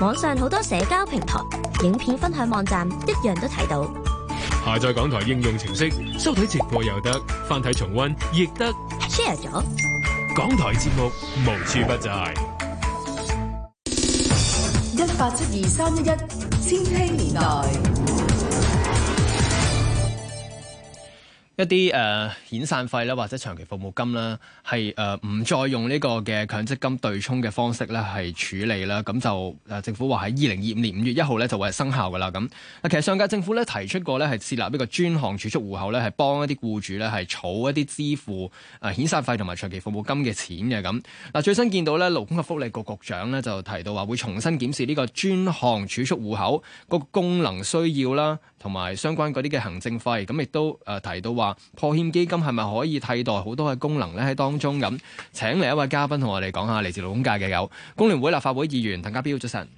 A: 網上好多社交平台、影片分享網站一樣都睇到。下載港台應用程式，收睇直播又得，翻睇重温亦得。share 咗港台節目無處不在，一
C: 八七二三一一千禧年代。
A: 一啲誒、呃、遣散費啦，或者長期服務金啦，係誒唔再用呢個嘅強積金對沖嘅方式咧，係處理啦。咁就、啊、政府話喺二零二五年五月一號咧就會生效噶啦。咁其實上屆政府咧提出過咧係設立一個專項儲蓄戶口咧，係幫一啲僱主咧係儲一啲支付誒、呃、遣散費同埋長期服務金嘅錢嘅。咁嗱，最新見到咧勞工及福利局局，局長咧就提到話會重新檢視呢個專項儲蓄戶口個功能需要啦。同埋相關嗰啲嘅行政費，咁亦都誒提到話破欠基金係咪可以替代好多嘅功能咧？喺當中咁請嚟一位嘉賓同我哋講下，嚟自勞工界嘅有工聯會立法會議員鄧家彪早晨。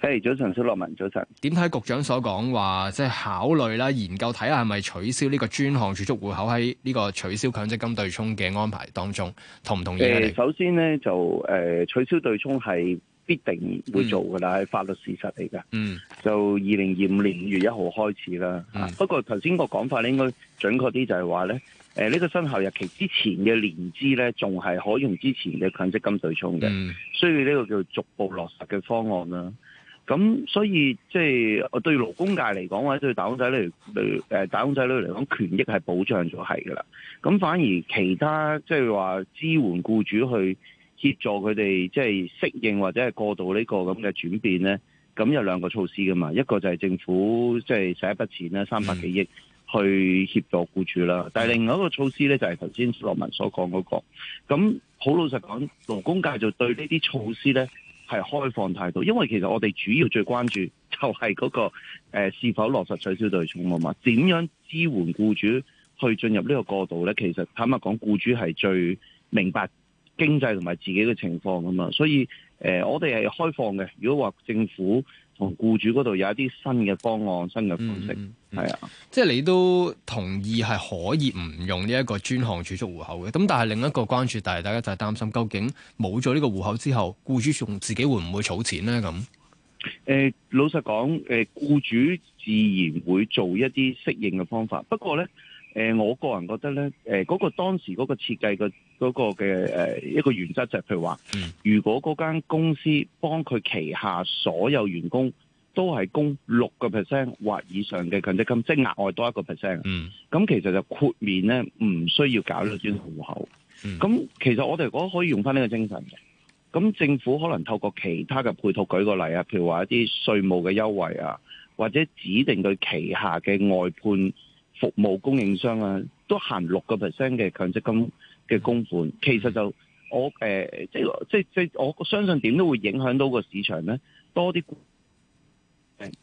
A: 係、hey, 早晨，小樂文早晨。點睇局長所講話，即係考慮啦，研究睇下係咪取消呢個專項儲蓄戶口喺呢個取消強積金對沖嘅安排當中同唔同意？
H: 首先呢，就誒、呃、取消對沖係。必定會做嘅啦，喺、嗯、法律事實嚟嘅。嗯，就二零二五年五月一號開始啦、嗯。不過頭先個講法咧應該準確啲，就係話咧，誒、這、呢個生效日期之前嘅年資咧，仲係可以用之前嘅強積金對沖嘅。嗯，所以呢個叫做逐步落實嘅方案啦。咁所以即係我對勞工界嚟講，或者對打工仔女、誒打工仔女嚟講，權益係保障咗係嘅啦。咁反而其他即係話支援僱主去。協助佢哋即係適應或者係過渡呢個咁嘅轉變呢，咁有兩個措施噶嘛，一個就係政府即係使一筆錢啦，三百幾億去協助僱主啦，但係另外一個措施呢，就係頭先羅文所講嗰個，咁好老實講，勞工界就對呢啲措施呢係開放態度，因為其實我哋主要最關注就係嗰個誒、呃，是否落實取消對沖啊嘛，點樣支援僱主去進入呢個過渡呢？其實坦白講，僱主係最明白。經濟同埋自己嘅情況啊嘛，所以誒、呃，我哋係開放嘅。如果話政府同僱主嗰度有一啲新嘅方案、新嘅方式，係、嗯
A: 嗯、啊，即係你都同意係可以唔用呢一個專項儲蓄戶口嘅。咁但係另一個關注，但係大家就係擔心，究竟冇咗呢個戶口之後，僱主仲自己會唔會儲錢咧？咁誒、
H: 呃，老實講，誒、呃、僱主自然會做一啲適應嘅方法。不過咧。誒、呃，我個人覺得咧，誒、呃、嗰、那個當時嗰個設計嘅嗰個嘅、那個呃、一個原則就係譬如話，如果嗰間公司幫佢旗下所有員工都係供六個 percent 或以上嘅強積金，即係額外多一個 percent，咁其實就豁免咧，唔需要搞呢個專戶口。咁、嗯嗯、其實我哋覺得可以用翻呢個精神嘅。咁政府可能透過其他嘅配套，舉個例啊，譬如話一啲稅務嘅優惠啊，或者指定佢旗下嘅外判。服務供應商啊，都行六個 percent 嘅強積金嘅供款，其實就我誒、呃，即係即係即係，我相信點都會影響到個市場咧。多啲，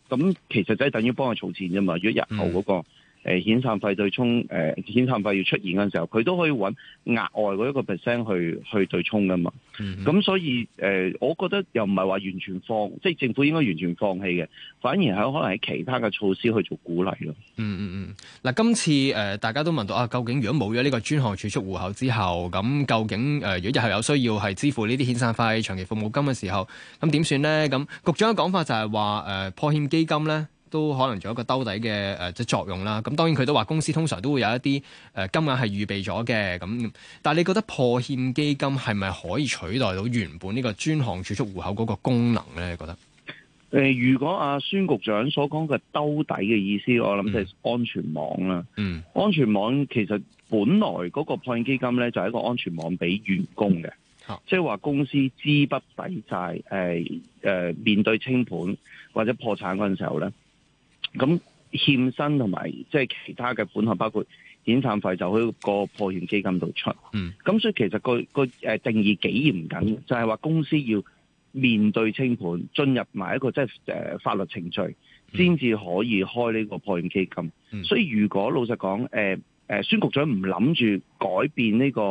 H: 咁其實就係等於幫佢儲錢啫嘛。如果日後嗰、嗰個。嗯誒、呃、遣散費對沖，誒、呃、遣散費要出現嘅時候，佢都可以揾額外嗰一個 percent 去去對沖噶嘛。咁、嗯、所以誒、呃，我覺得又唔係話完全放，即係政府應該完全放棄嘅，反而係可能喺其他嘅措施去做鼓勵咯。嗯嗯嗯。
A: 嗱、呃，今次誒、呃、大家都問到啊，究竟如果冇咗呢個專項儲蓄戶口之後，咁究竟誒、呃、如果日後有需要係支付呢啲遣散費、長期服務金嘅時候，咁點算咧？咁局長嘅講法就係話誒破欠基金咧。都可能做一個兜底嘅誒嘅作用啦。咁當然佢都話公司通常都會有一啲誒金額係預備咗嘅。咁但係你覺得破欠基金係咪可以取代到原本呢個專項儲蓄戶口嗰個功能咧？你覺得
H: 誒，如果阿、啊、孫局長所講嘅兜底嘅意思，我諗就係安全網啦。
G: 嗯，
H: 安全網其實本來嗰個破欠基金咧，就係、是、一個安全網俾員工嘅，即係話公司資不抵債，誒、呃、誒、呃、面對清盤或者破產嗰陣時候咧。咁欠薪同埋即係其他嘅款項，包括遣散費，就喺個破欠基金度出。嗯，咁所以其實個個誒定義幾嚴謹就係、是、話公司要面對清盤，進入埋一個即係誒法律程序，先至可以開呢個破欠基金、嗯。所以如果老實講，誒、呃、誒，孫、呃、局長唔諗住改變呢個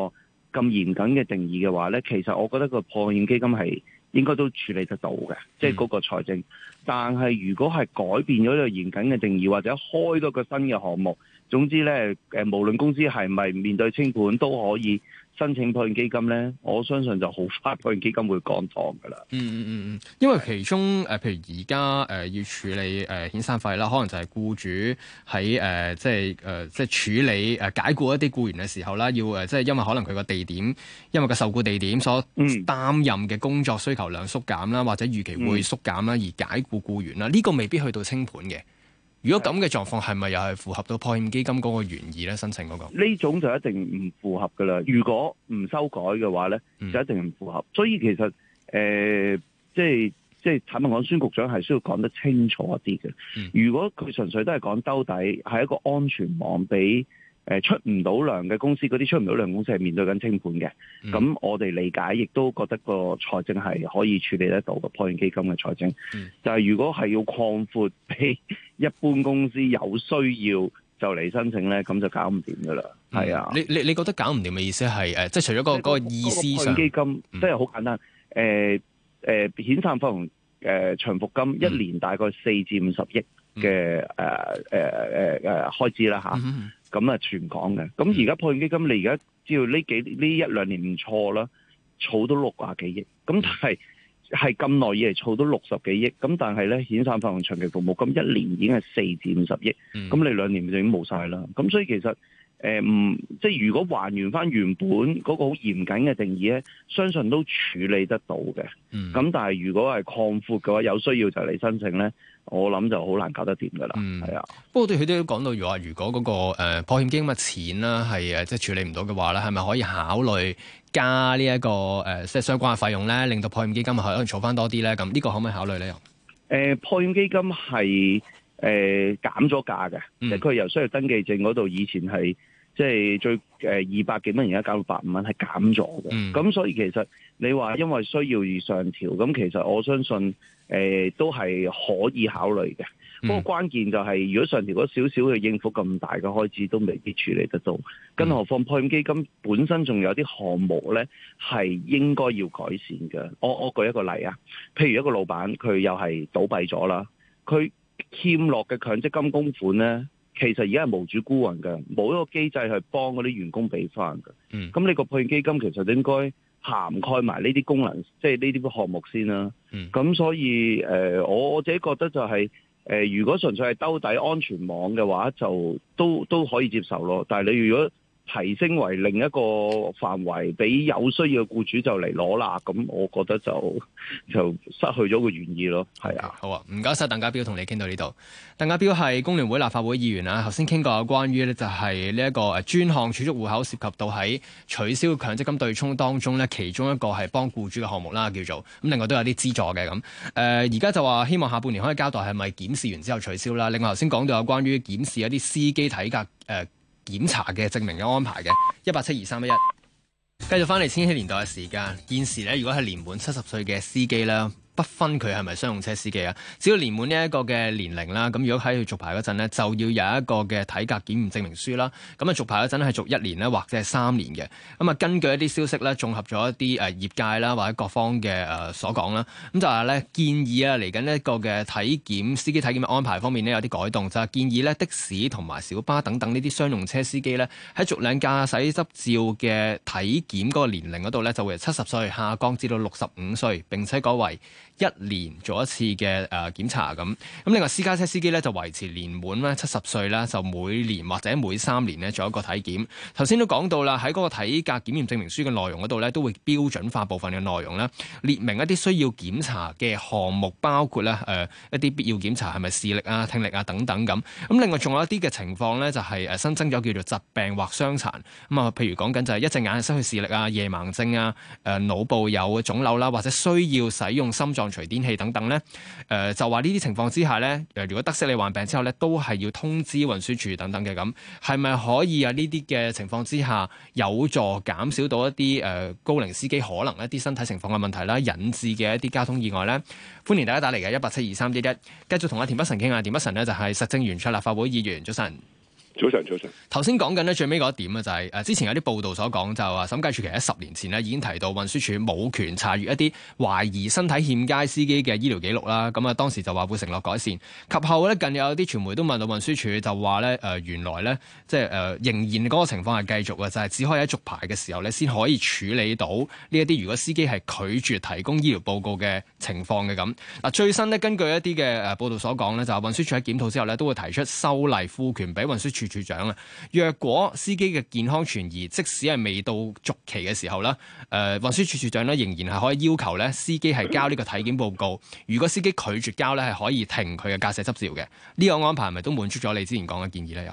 H: 咁嚴謹嘅定義嘅話咧，其實我覺得個破欠基金係。應該都處理得到嘅，即係嗰個財政。但係如果係改變咗呢個嚴謹嘅定義，或者開多個新嘅項目，總之呢誒，無論公司係咪面對清盤都可以。申請僱員基金咧，我相信就好快僱員基金會降檔噶啦。嗯嗯
A: 嗯嗯，因為其中譬如而家、呃、要處理誒遣散費啦，可能就係僱主喺、呃、即係、呃、即係處理解僱一啲僱員嘅時候啦，要即係因為可能佢個地點，因為個受僱地點所擔任嘅工作需求量縮減啦、嗯，或者預期會縮減啦而解僱僱員啦，呢、嗯這個未必去到清盤嘅。如果咁嘅狀況係咪又係符合到破險基金嗰個原意咧？申請嗰、嗰
H: 個呢種就一定唔符合噶啦。如果唔修改嘅話咧，就一定唔符合。所以其實誒、呃，即係即係坦白講，孫局長係需要講得清楚一啲嘅、嗯。如果佢純粹都係講兜底，係一個安全網俾。誒，出唔到糧嘅公司，嗰啲出唔到糧公司係面對緊清盤嘅。咁、嗯、我哋理解，亦都覺得個財政係可以處理得到個破欠基金嘅財政，就係、是、如果係要擴闊俾一般公司有需要就嚟申請咧，咁就搞唔掂噶啦。係、嗯、
A: 啊，你你覺得搞唔掂嘅意思係誒、呃，即係除咗、那個、那個意思、那個、基金即係好簡單。誒、嗯、誒，遣散費用誒，長、呃、服、
H: 呃呃、金一年大概四至五十億嘅誒誒誒誒開支啦吓。啊嗯咁啊，全港嘅，咁而家破欠基金，你而家知道呢幾呢一兩年唔錯啦，儲到六啊幾億，咁但係係咁耐以嚟儲到六十幾億，咁但係咧，遣散金行長期服務金一年已經係四至五十億，咁、嗯、你兩年就已經冇晒啦。咁所以其實誒唔，即、呃、如果還原翻原本嗰個好嚴謹嘅定義咧，相信都處理得到嘅。咁、嗯、但係如果係擴闊嘅話，有需要就嚟申請咧。我諗就好難搞得掂噶啦，係、嗯、啊。
A: 不過對佢都講到，如果如果嗰個誒、呃、破險基金嘅錢啦，係誒即係處理唔到嘅話咧，係咪可以考慮加呢、這、一個誒即係相關嘅費用咧，令到破險基金係可能儲翻多啲咧？咁呢個可唔可以考慮咧？誒、
H: 呃，破險基金係誒減咗價嘅，其、呃、佢、嗯、由需要登記證嗰度，以前係即係最誒二百幾蚊，而家搞到百五蚊，係減咗嘅。咁所以其實你話因為需要而上調，咁其實我相信。誒、呃，都係可以考慮嘅。不、嗯、過關鍵就係、是，如果上調嗰少少去應付咁大嘅開支，都未必處理得到。嗯、更何況配基金本身仲有啲項目呢，係應該要改善嘅。我我舉一個例啊，譬如一個老闆，佢又係倒閉咗啦，佢欠落嘅強積金供款呢，其實而家係無主孤魂嘅，冇一個機制去幫嗰啲員工俾翻嘅。咁、嗯、你個配基金其實應該。涵蓋埋呢啲功能，即係呢啲項目先啦、啊。咁、嗯、所以，誒、呃，我我自己覺得就係、是、誒、呃，如果純粹係兜底安全網嘅話，就都都可以接受咯。但係你如果，提升為另一個範圍，俾有需要嘅僱主就嚟攞啦。咁我覺得就就失去咗個原意咯。係啊，
A: 好啊，唔該晒鄧家彪，同你傾到呢度。鄧家彪係工聯會立法會議員啊。頭先傾過有關於呢就係呢一個專項儲蓄戶口涉及到喺取消強積金對沖當中呢，其中一個係幫僱主嘅項目啦，叫做咁。另外都有啲資助嘅咁。誒、呃，而家就話希望下半年可以交代係咪檢視完之後取消啦。另外頭先講到有關於檢視一啲司機體格誒。呃檢查嘅證明嘅安排嘅，一八七二三一一。繼續翻嚟千禧年代嘅時間，現時咧，如果係年滿七十歲嘅司機啦。不分佢係咪商用車司機啊，只要年滿呢一個嘅年齡啦。咁如果喺佢續牌嗰陣呢，就要有一個嘅體格檢驗證明書啦。咁啊，續牌嗰陣係續一年呢，或者係三年嘅。咁啊，根據一啲消息咧，綜合咗一啲誒業界啦或者各方嘅所講啦，咁就係呢建議啊，嚟緊呢一個嘅體檢司機體檢嘅安排方面呢，有啲改動，就係建議呢，的士同埋小巴等等呢啲商用車司機呢，喺續領駕駛執照嘅體檢嗰個年齡嗰度呢，就會由七十歲下降至到六十五歲，並且改為一年做一次嘅檢查咁，咁另外私家車司機咧就維持年滿啦七十歲啦，就每年或者每三年咧做一個體檢，頭先都講到啦，喺嗰個體格檢驗證明書嘅內容嗰度咧，都會標準化部分嘅內容啦，列明一啲需要檢查嘅項目，包括咧誒一啲必要檢查係咪視力啊、聽力啊等等咁。咁另外仲有一啲嘅情況咧，就係誒新增咗叫做疾病或傷殘咁啊，譬如講緊就係一隻眼失去視力啊、夜盲症啊、誒腦部有腫瘤啦，或者需要使用心臟除電器等等呢，誒、呃、就話呢啲情況之下呢，誒如果得悉你患病之後呢，都係要通知運輸署等等嘅咁，係咪可以啊？呢啲嘅情況之下，有助減少到一啲誒、呃、高齡司機可能一啲身體情況嘅問題啦，引致嘅一啲交通意外呢？歡迎大家打嚟嘅一八七二三一一，繼續同阿田北辰傾下。阿田北辰呢，就係實政圓桌立法會議員，早晨。早晨，早晨。頭先講緊咧，最尾嗰一點啊、就是，就係誒之前有啲報道所講就話審計處其實喺十年前咧已經提到運輸署冇權查閱一啲懷疑身體欠佳司機嘅醫療記錄啦。咁啊，當時就話會承諾改善。及後咧，近有啲傳媒都問到運輸署就說，就話咧誒原來咧，即係誒、呃、仍然嗰個情況係繼續嘅，就係、是、只可以喺續牌嘅時候咧先可以處理到呢一啲，如果司機係拒絕提供醫療報告嘅情況嘅咁。嗱，最新咧根據一啲嘅誒報道所講咧，就運輸署喺檢討之後咧都會提出修例賦權俾運輸署，署長啦，若果司機嘅健康存疑，即使係未到續期嘅時候啦，誒、呃，運輸署署長咧仍然係可以要求咧司機係交呢個體檢報告。如果司機拒絕交咧，係可以停佢嘅駕駛執照嘅。呢、這個安排係咪都滿足咗你之前講嘅建議咧？又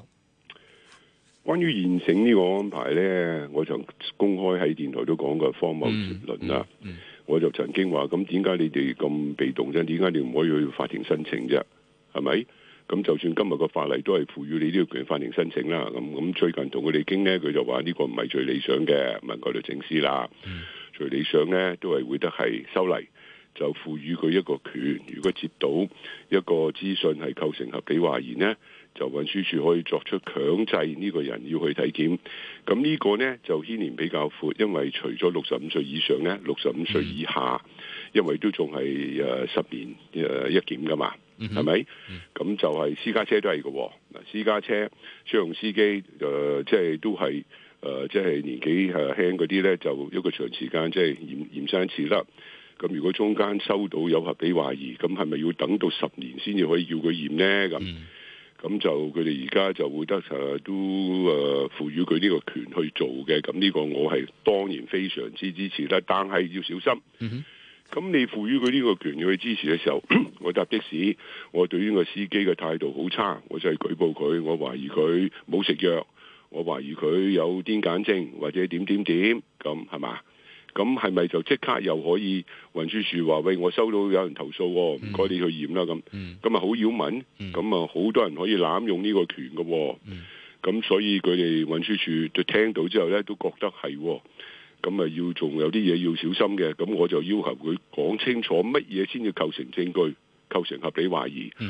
C: 關於現成呢個安排咧，我就公開喺電台都講過荒謬絕倫啦，嗯嗯嗯。我就曾經話：，咁點解你哋咁被動啫？點解你唔可以去法庭申請啫？係咪？咁就算今日個法例都係賦予你呢個權，法庭申請啦。咁咁最近同佢哋傾呢，佢就話呢個唔係最理想嘅，問過律政司啦。最理想呢都係會得係修例，就賦予佢一個權。如果接到一個資訊係構成合理懷疑呢，就運輸署可以作出強制呢個人要去體檢。咁呢個呢就牽連比較闊，因為除咗六十五歲以上呢，六十五歲以下，因為都仲係誒十年誒一檢噶嘛。係、mm、咪 -hmm. mm -hmm.？咁就係私家車都係嘅。嗱，私家車商用司機誒，即、呃、係、就是、都係誒，即、呃、係、就是、年紀誒輕嗰啲咧，就一個長時間即係驗驗身一次啦。咁如果中間收到有合理懷疑，咁係咪要等到十年先至可以要佢驗呢？咁咁、mm -hmm. 就佢哋而家就會得誒都誒賦予佢呢個權去做嘅。咁呢個我係當然非常之支持啦，但係要小心。Mm -hmm. 咁你賦予佢呢個權要去支持嘅時候， 我搭的士，我對呢個司機嘅態度好差，我就係舉報佢，我懷疑佢冇食藥，我懷疑佢有癲癇症或者點點點咁係嘛？咁係咪就即刻又可以運輸署話喂我收到有人投訴，哦，唔該你去驗啦咁？咁咪好擾民？咁啊好多人可以濫用呢個權嘅，哦，咁所以佢哋運輸署就聽到之後咧，都覺得係、哦。咁咪要仲有啲嘢要小心嘅，咁我就要求佢講清楚乜嘢先至構成證據、構成合理懷疑，係、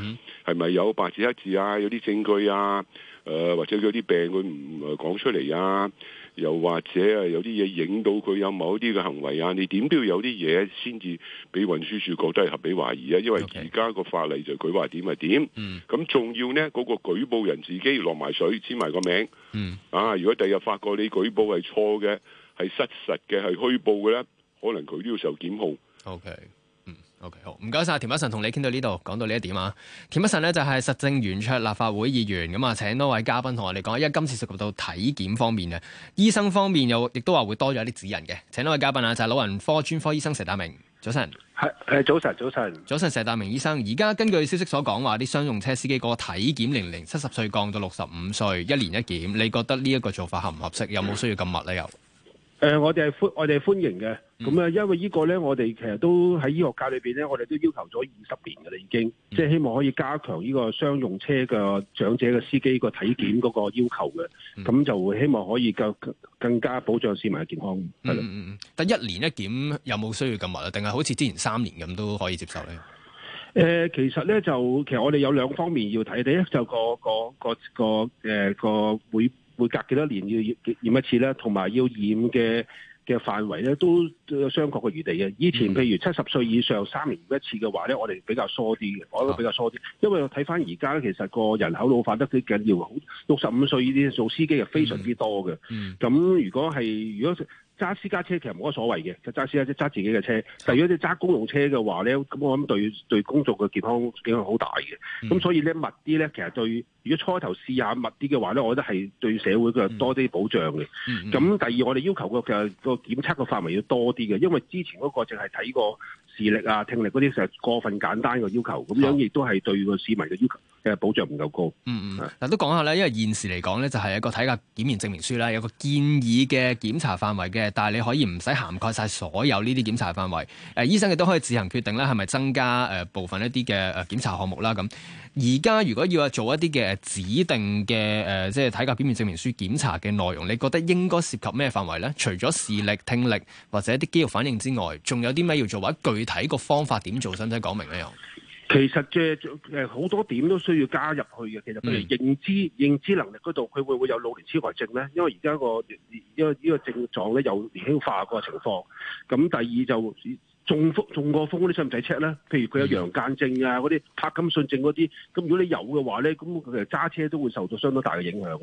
C: mm、咪 -hmm. 有白紙黑字啊？有啲證據啊？誒、呃，或者有啲病佢唔講出嚟啊？又或者啊，有啲嘢影到佢有某啲嘅行為啊？你點都要有啲嘢先至俾運輸署覺得係合理懷疑啊？因為而家個法例就佢話點係點，咁、mm、仲 -hmm. 要呢嗰、那個舉報人自己落埋水，簽埋個名。Mm -hmm. 啊，如果第日發覺你舉報係錯嘅。係失實嘅，係虛報嘅咧。可能佢都要受檢控。O、okay,
A: K，嗯，O、okay, K，好，唔該晒。田北辰同你傾到呢度，講到呢一點啊。田北辰呢就係實政圓桌立法會議員咁啊，請多位嘉賓同我哋講，因為今次涉及到體檢方面嘅醫生方面，又亦都話會多咗一啲指引嘅，請多位嘉賓啊，就係、是、老人科專科醫生佘達明，早晨。
F: 係早晨早晨
A: 早晨，佘達明醫生。而家根據消息所講話，啲商用車司機個體檢年齡七十歲降到六十五歲，一年一檢。你覺得呢一個做法合唔合適？有冇需要咁密咧？又、嗯？
F: 誒，我哋係歡，我哋係歡迎嘅。咁啊，因為呢個咧，我哋其實都喺醫學界裏邊咧，我哋都要求咗二十
A: 年㗎喇，已經，
F: 即係希望可以加強呢個商用車嘅長者嘅司機個體檢嗰個要求嘅。咁、嗯、就希望可以更更加保障市民嘅健康。嗯，
A: 嗯，但一年一檢有冇需要咁密？定係好似之前三年咁都可以接受咧？
F: 誒、呃，其實咧就其實我哋有兩方面要睇。第一就個個個個誒、呃、個每。會隔幾多年要驗驗一次咧，同埋要驗嘅嘅範圍咧都有相確嘅餘地嘅。以前譬如七十歲以上三年一次嘅話咧，我哋比較疏啲嘅，我諗比較疏啲、啊。因為我睇翻而家咧，其實個人口老化得幾緊要。六十五歲呢啲做司機係非常之多嘅。咁、嗯嗯、如果係如果。揸私家車其實冇乜所謂嘅，就揸私家車揸自己嘅車。但如果你揸公用車嘅話咧，咁我諗對對公眾嘅健康影響好大嘅。咁、嗯、所以咧密啲咧，其實對如果初頭試下密啲嘅話咧，我覺得係對社會嘅多啲保障嘅。咁、嗯嗯嗯、第二，我哋要求個嘅其實個檢測嘅範圍要多啲嘅，因為之前嗰個淨係睇個視力啊、聽力嗰啲，係過分簡單嘅要求，咁樣亦都係對個市民嘅要求嘅保障唔夠高。嗯
A: 嗯，嗱都講下咧，因為現時嚟講咧，就係、是、一個體格檢驗證明書啦，有一個建議嘅檢查範圍嘅。誒，但係你可以唔使涵蓋晒所有呢啲檢查範圍。誒，醫生亦都可以自行決定咧，係咪增加誒部分一啲嘅誒檢查項目啦。咁而家如果要做一啲嘅指定嘅誒，即係體格檢驗證明書檢查嘅內容，你覺得應該涉及咩範圍咧？除咗視力、聽力或者啲肌肉反應之外，仲有啲咩要做？或者具體個方法點做？使唔使講明呢樣？其實
F: 誒好多點都需要加入去嘅，其實譬如認知認知能力嗰度，佢會唔會有老年痴呆症咧，因為而家、呢個因為呢個症狀咧有年輕化個情況。咁第二就中風中過風嗰啲使唔使 check 咧？譬如佢有陽間症啊，嗰啲帕金遜症嗰啲。咁如果你有嘅話咧，咁佢其實揸車都會受到相當大嘅影響。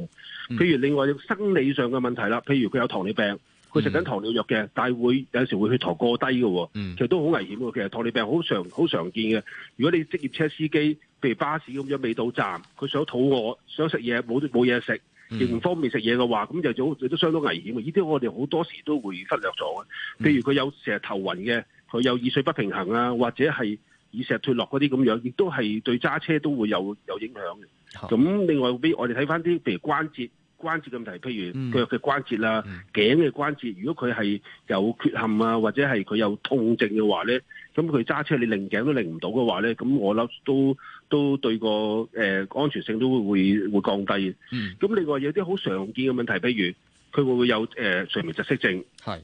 F: 嗯、譬如另外生理上嘅問題啦，譬如佢有糖尿病。佢食緊糖尿藥嘅，但係會有時會血糖過低嘅，嗯，其實都好危險嘅。其實糖尿病好常好常見嘅。如果你職業車司機，譬如巴士咁樣未到站，佢想肚餓，想食嘢，冇冇嘢食，亦唔、嗯、方便食嘢嘅話，咁就早亦都相當危險嘅。呢啲我哋好多時都會忽略咗。譬如佢有成日頭暈嘅，佢有耳水不平衡啊，或者係耳石脫落嗰啲咁樣，亦都係對揸車都會有有影響。咁另外我，我哋睇翻啲譬如關節。關節嘅問題，譬如腳嘅關節啦、啊、頸嘅關節，如果佢係有缺陷啊，或者係佢有痛症嘅話咧，咁佢揸車你擰頸都擰唔到嘅話咧，咁我諗都都對個誒、呃、安全性都會會會降低。咁、嗯、另外有啲好常見嘅問題，譬如佢會會有誒、呃、睡眠窒息症，
G: 係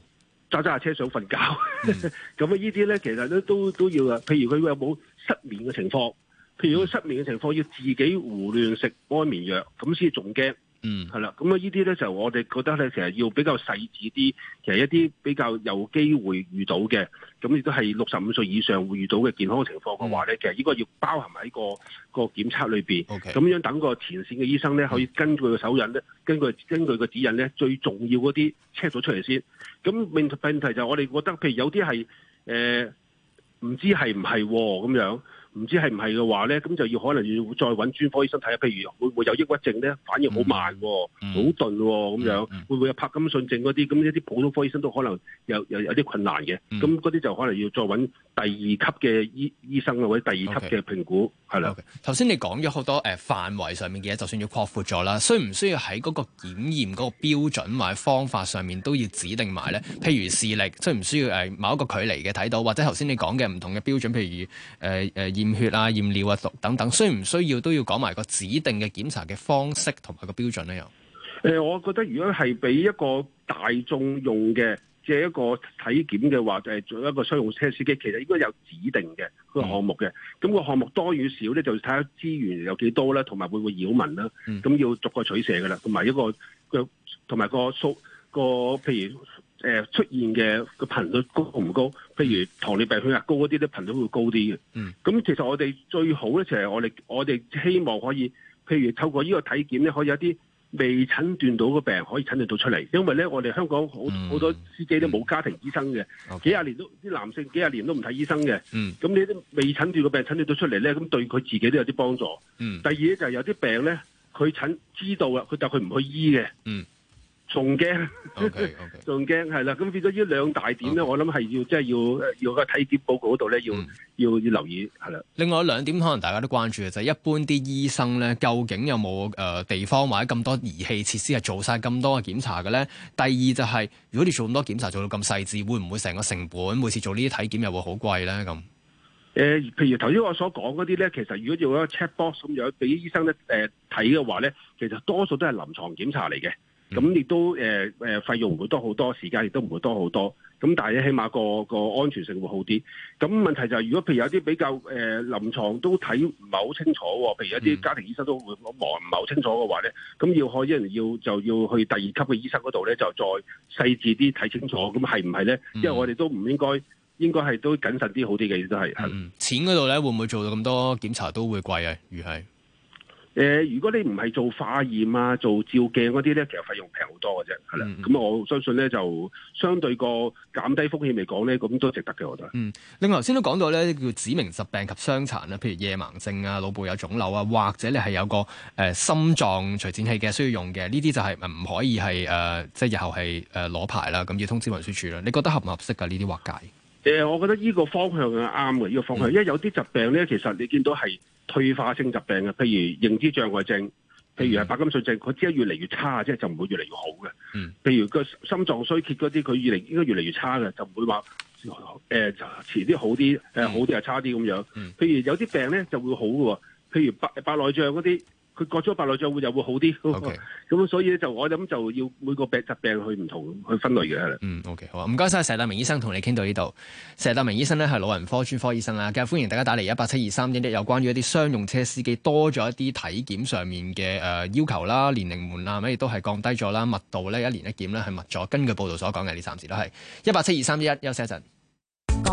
F: 揸揸下車想瞓覺，咁、嗯、啊 呢啲咧，其實都都都要啊。譬如佢有冇失眠嘅情況，譬如佢失眠嘅情況要自己胡亂食安眠藥，咁先至仲驚。嗯，係啦，咁啊呢啲咧就我哋覺得咧，其實要比較細緻啲，其實一啲比較有機會遇到嘅，咁亦都係六十五歲以上會遇到嘅健康情況嘅話咧，其實呢個要包含喺個個檢測裏面，okay，咁樣等個前線嘅醫生咧，可以根據個手印，咧、嗯，根據根據個指引咧，最重要嗰啲 check 咗出嚟先。咁問題就係我哋覺得，譬如有啲係誒，呃，唔知係唔係咁樣唔知係唔係嘅話咧，咁就要可能要再揾專科醫生睇下，譬如會唔會有抑鬱症咧？反而好慢、哦，好頓咁樣，會唔會有帕金遜症嗰啲？咁一啲普通科醫生都可能有有有啲困難嘅。咁嗰啲就可能要再揾第二級嘅醫醫生或者第二級嘅評估
A: 係啦。Okay. Okay. 頭先你講咗好多誒、呃、範圍上面嘅嘢，就算要擴闊咗啦，需唔需要喺嗰個檢驗嗰個標準或者方法上面都要指定埋咧？譬如視力，需唔需要誒某一個距離嘅睇到，或者頭先你講嘅唔同嘅標準，譬如誒誒、呃呃驗血啊、驗尿啊、毒等等，需唔需要都要講埋個指定嘅檢查嘅方式同埋個標準咧？有、
F: 呃、誒，我覺得如果係俾一個大眾用嘅，借一個體檢嘅話，就係、是、做一個商用車司機，其實應該有指定嘅個項目嘅。咁、嗯、那個項目多與少咧，就睇下資源有幾多啦，同埋會唔會擾民啦？咁、嗯、要逐個取捨噶啦，同埋一個個同埋個數個，譬如。誒、呃，出現嘅個頻率高唔高？譬如糖尿病血壓高嗰啲咧，頻率會高啲嘅。嗯，咁其實我哋最好咧，其實我哋我哋希望可以，譬如透過呢個體檢咧，可以有啲未診斷到嘅病可以診斷到出嚟。因為咧，我哋香港好好、嗯、多司機都冇家庭醫生嘅、嗯，幾廿年都啲男性幾廿年都唔睇醫生嘅。嗯，咁呢啲未診斷嘅病診斷到出嚟咧，咁對佢自己都有啲幫助。嗯，第二咧就係有啲病咧，佢診知道呀，佢但佢唔去醫嘅。嗯。仲驚，仲驚係啦，咁變咗呢兩大點咧、okay，我諗係要即係、就是、要，要個體檢報告嗰度咧，要、嗯、要留意係啦。
A: 另外兩點可能大家都關注嘅就係、是，一般啲醫生咧，究竟有冇誒、呃、地方或者咁多儀器設施係做晒咁多嘅檢查嘅咧？第二就係、是，如果你做咁多檢查，做到咁細緻，會唔會成個成本每次做呢啲體檢又會好貴咧？咁、呃、誒，譬如頭先
F: 我所講嗰啲咧，其實如果做一 check box 咁樣俾醫生咧，誒睇嘅話咧，其實多數都係臨床檢查嚟嘅。咁、嗯、亦都誒誒、呃、費用唔會多好多，時間亦都唔會多好多。咁但係起碼個，個安全性會好啲。咁問題就係、是，如果譬如有啲比較誒、呃、臨床都睇唔係好清楚，譬如有啲家庭醫生都會忙唔係好清楚嘅話咧，咁、嗯、要可能要就要去第二級嘅醫生嗰度咧，就再細緻啲睇清楚是是。咁係唔係咧？因為我哋都唔應該應該係都謹慎啲好啲嘅，都係。嗯。
A: 錢嗰度咧，會唔會做到咁多檢查都會貴啊？如係。
F: 誒，如果你唔係做化驗啊、做照鏡嗰啲咧，其實費用平好多嘅啫，係啦。咁、嗯、我相信咧就相對個減低風險嚟講咧，咁都值得嘅，我覺得。
A: 嗯，另外，頭先都講到咧，叫指明疾病及傷殘，譬如夜盲症啊、腦部有腫瘤啊，或者你係有個、呃、心臟除顫器嘅需要用嘅，呢啲就係唔可以係誒，即係日後係攞、呃、牌啦，咁要通知運輸署啦。你覺得合唔合適㗎？呢啲劃界？
F: 誒、呃，我覺得呢個方向係啱嘅，呢、呢個方向，嗯、因為有啲疾病咧，其實你見到係退化性疾病嘅，譬如認知障礙症，譬如係柏金遜症，佢只係越嚟越差，即係就唔會越嚟越好嘅。嗯。譬如個心臟衰竭嗰啲，佢越嚟應該越嚟越差嘅，就唔會話
G: 誒，呃，遲些些，嗯、呃、些就
F: 遲啲好啲，誒好啲又差啲咁樣。譬、嗯、如有啲病咧就會好嘅，譬如白白內障嗰啲。佢割咗白內障會又會好啲，OK 咁所以咧就我諗就要每個病疾病去唔同去分類
A: 嘅。嗯，OK，好啊，唔該晒佘達明醫生同你傾到呢度。佘達明醫生咧係老人科專科醫生啦，今日歡迎大家打嚟一八七二三一一，有關於一啲商用車司機多咗一啲體檢上面嘅誒要求啦，年齡門檻咧亦都係降低咗啦，密度咧一年一檢咧係密咗。根據報道所講嘅，呢暫時都係一八七二三一一，17231, 休息一陣。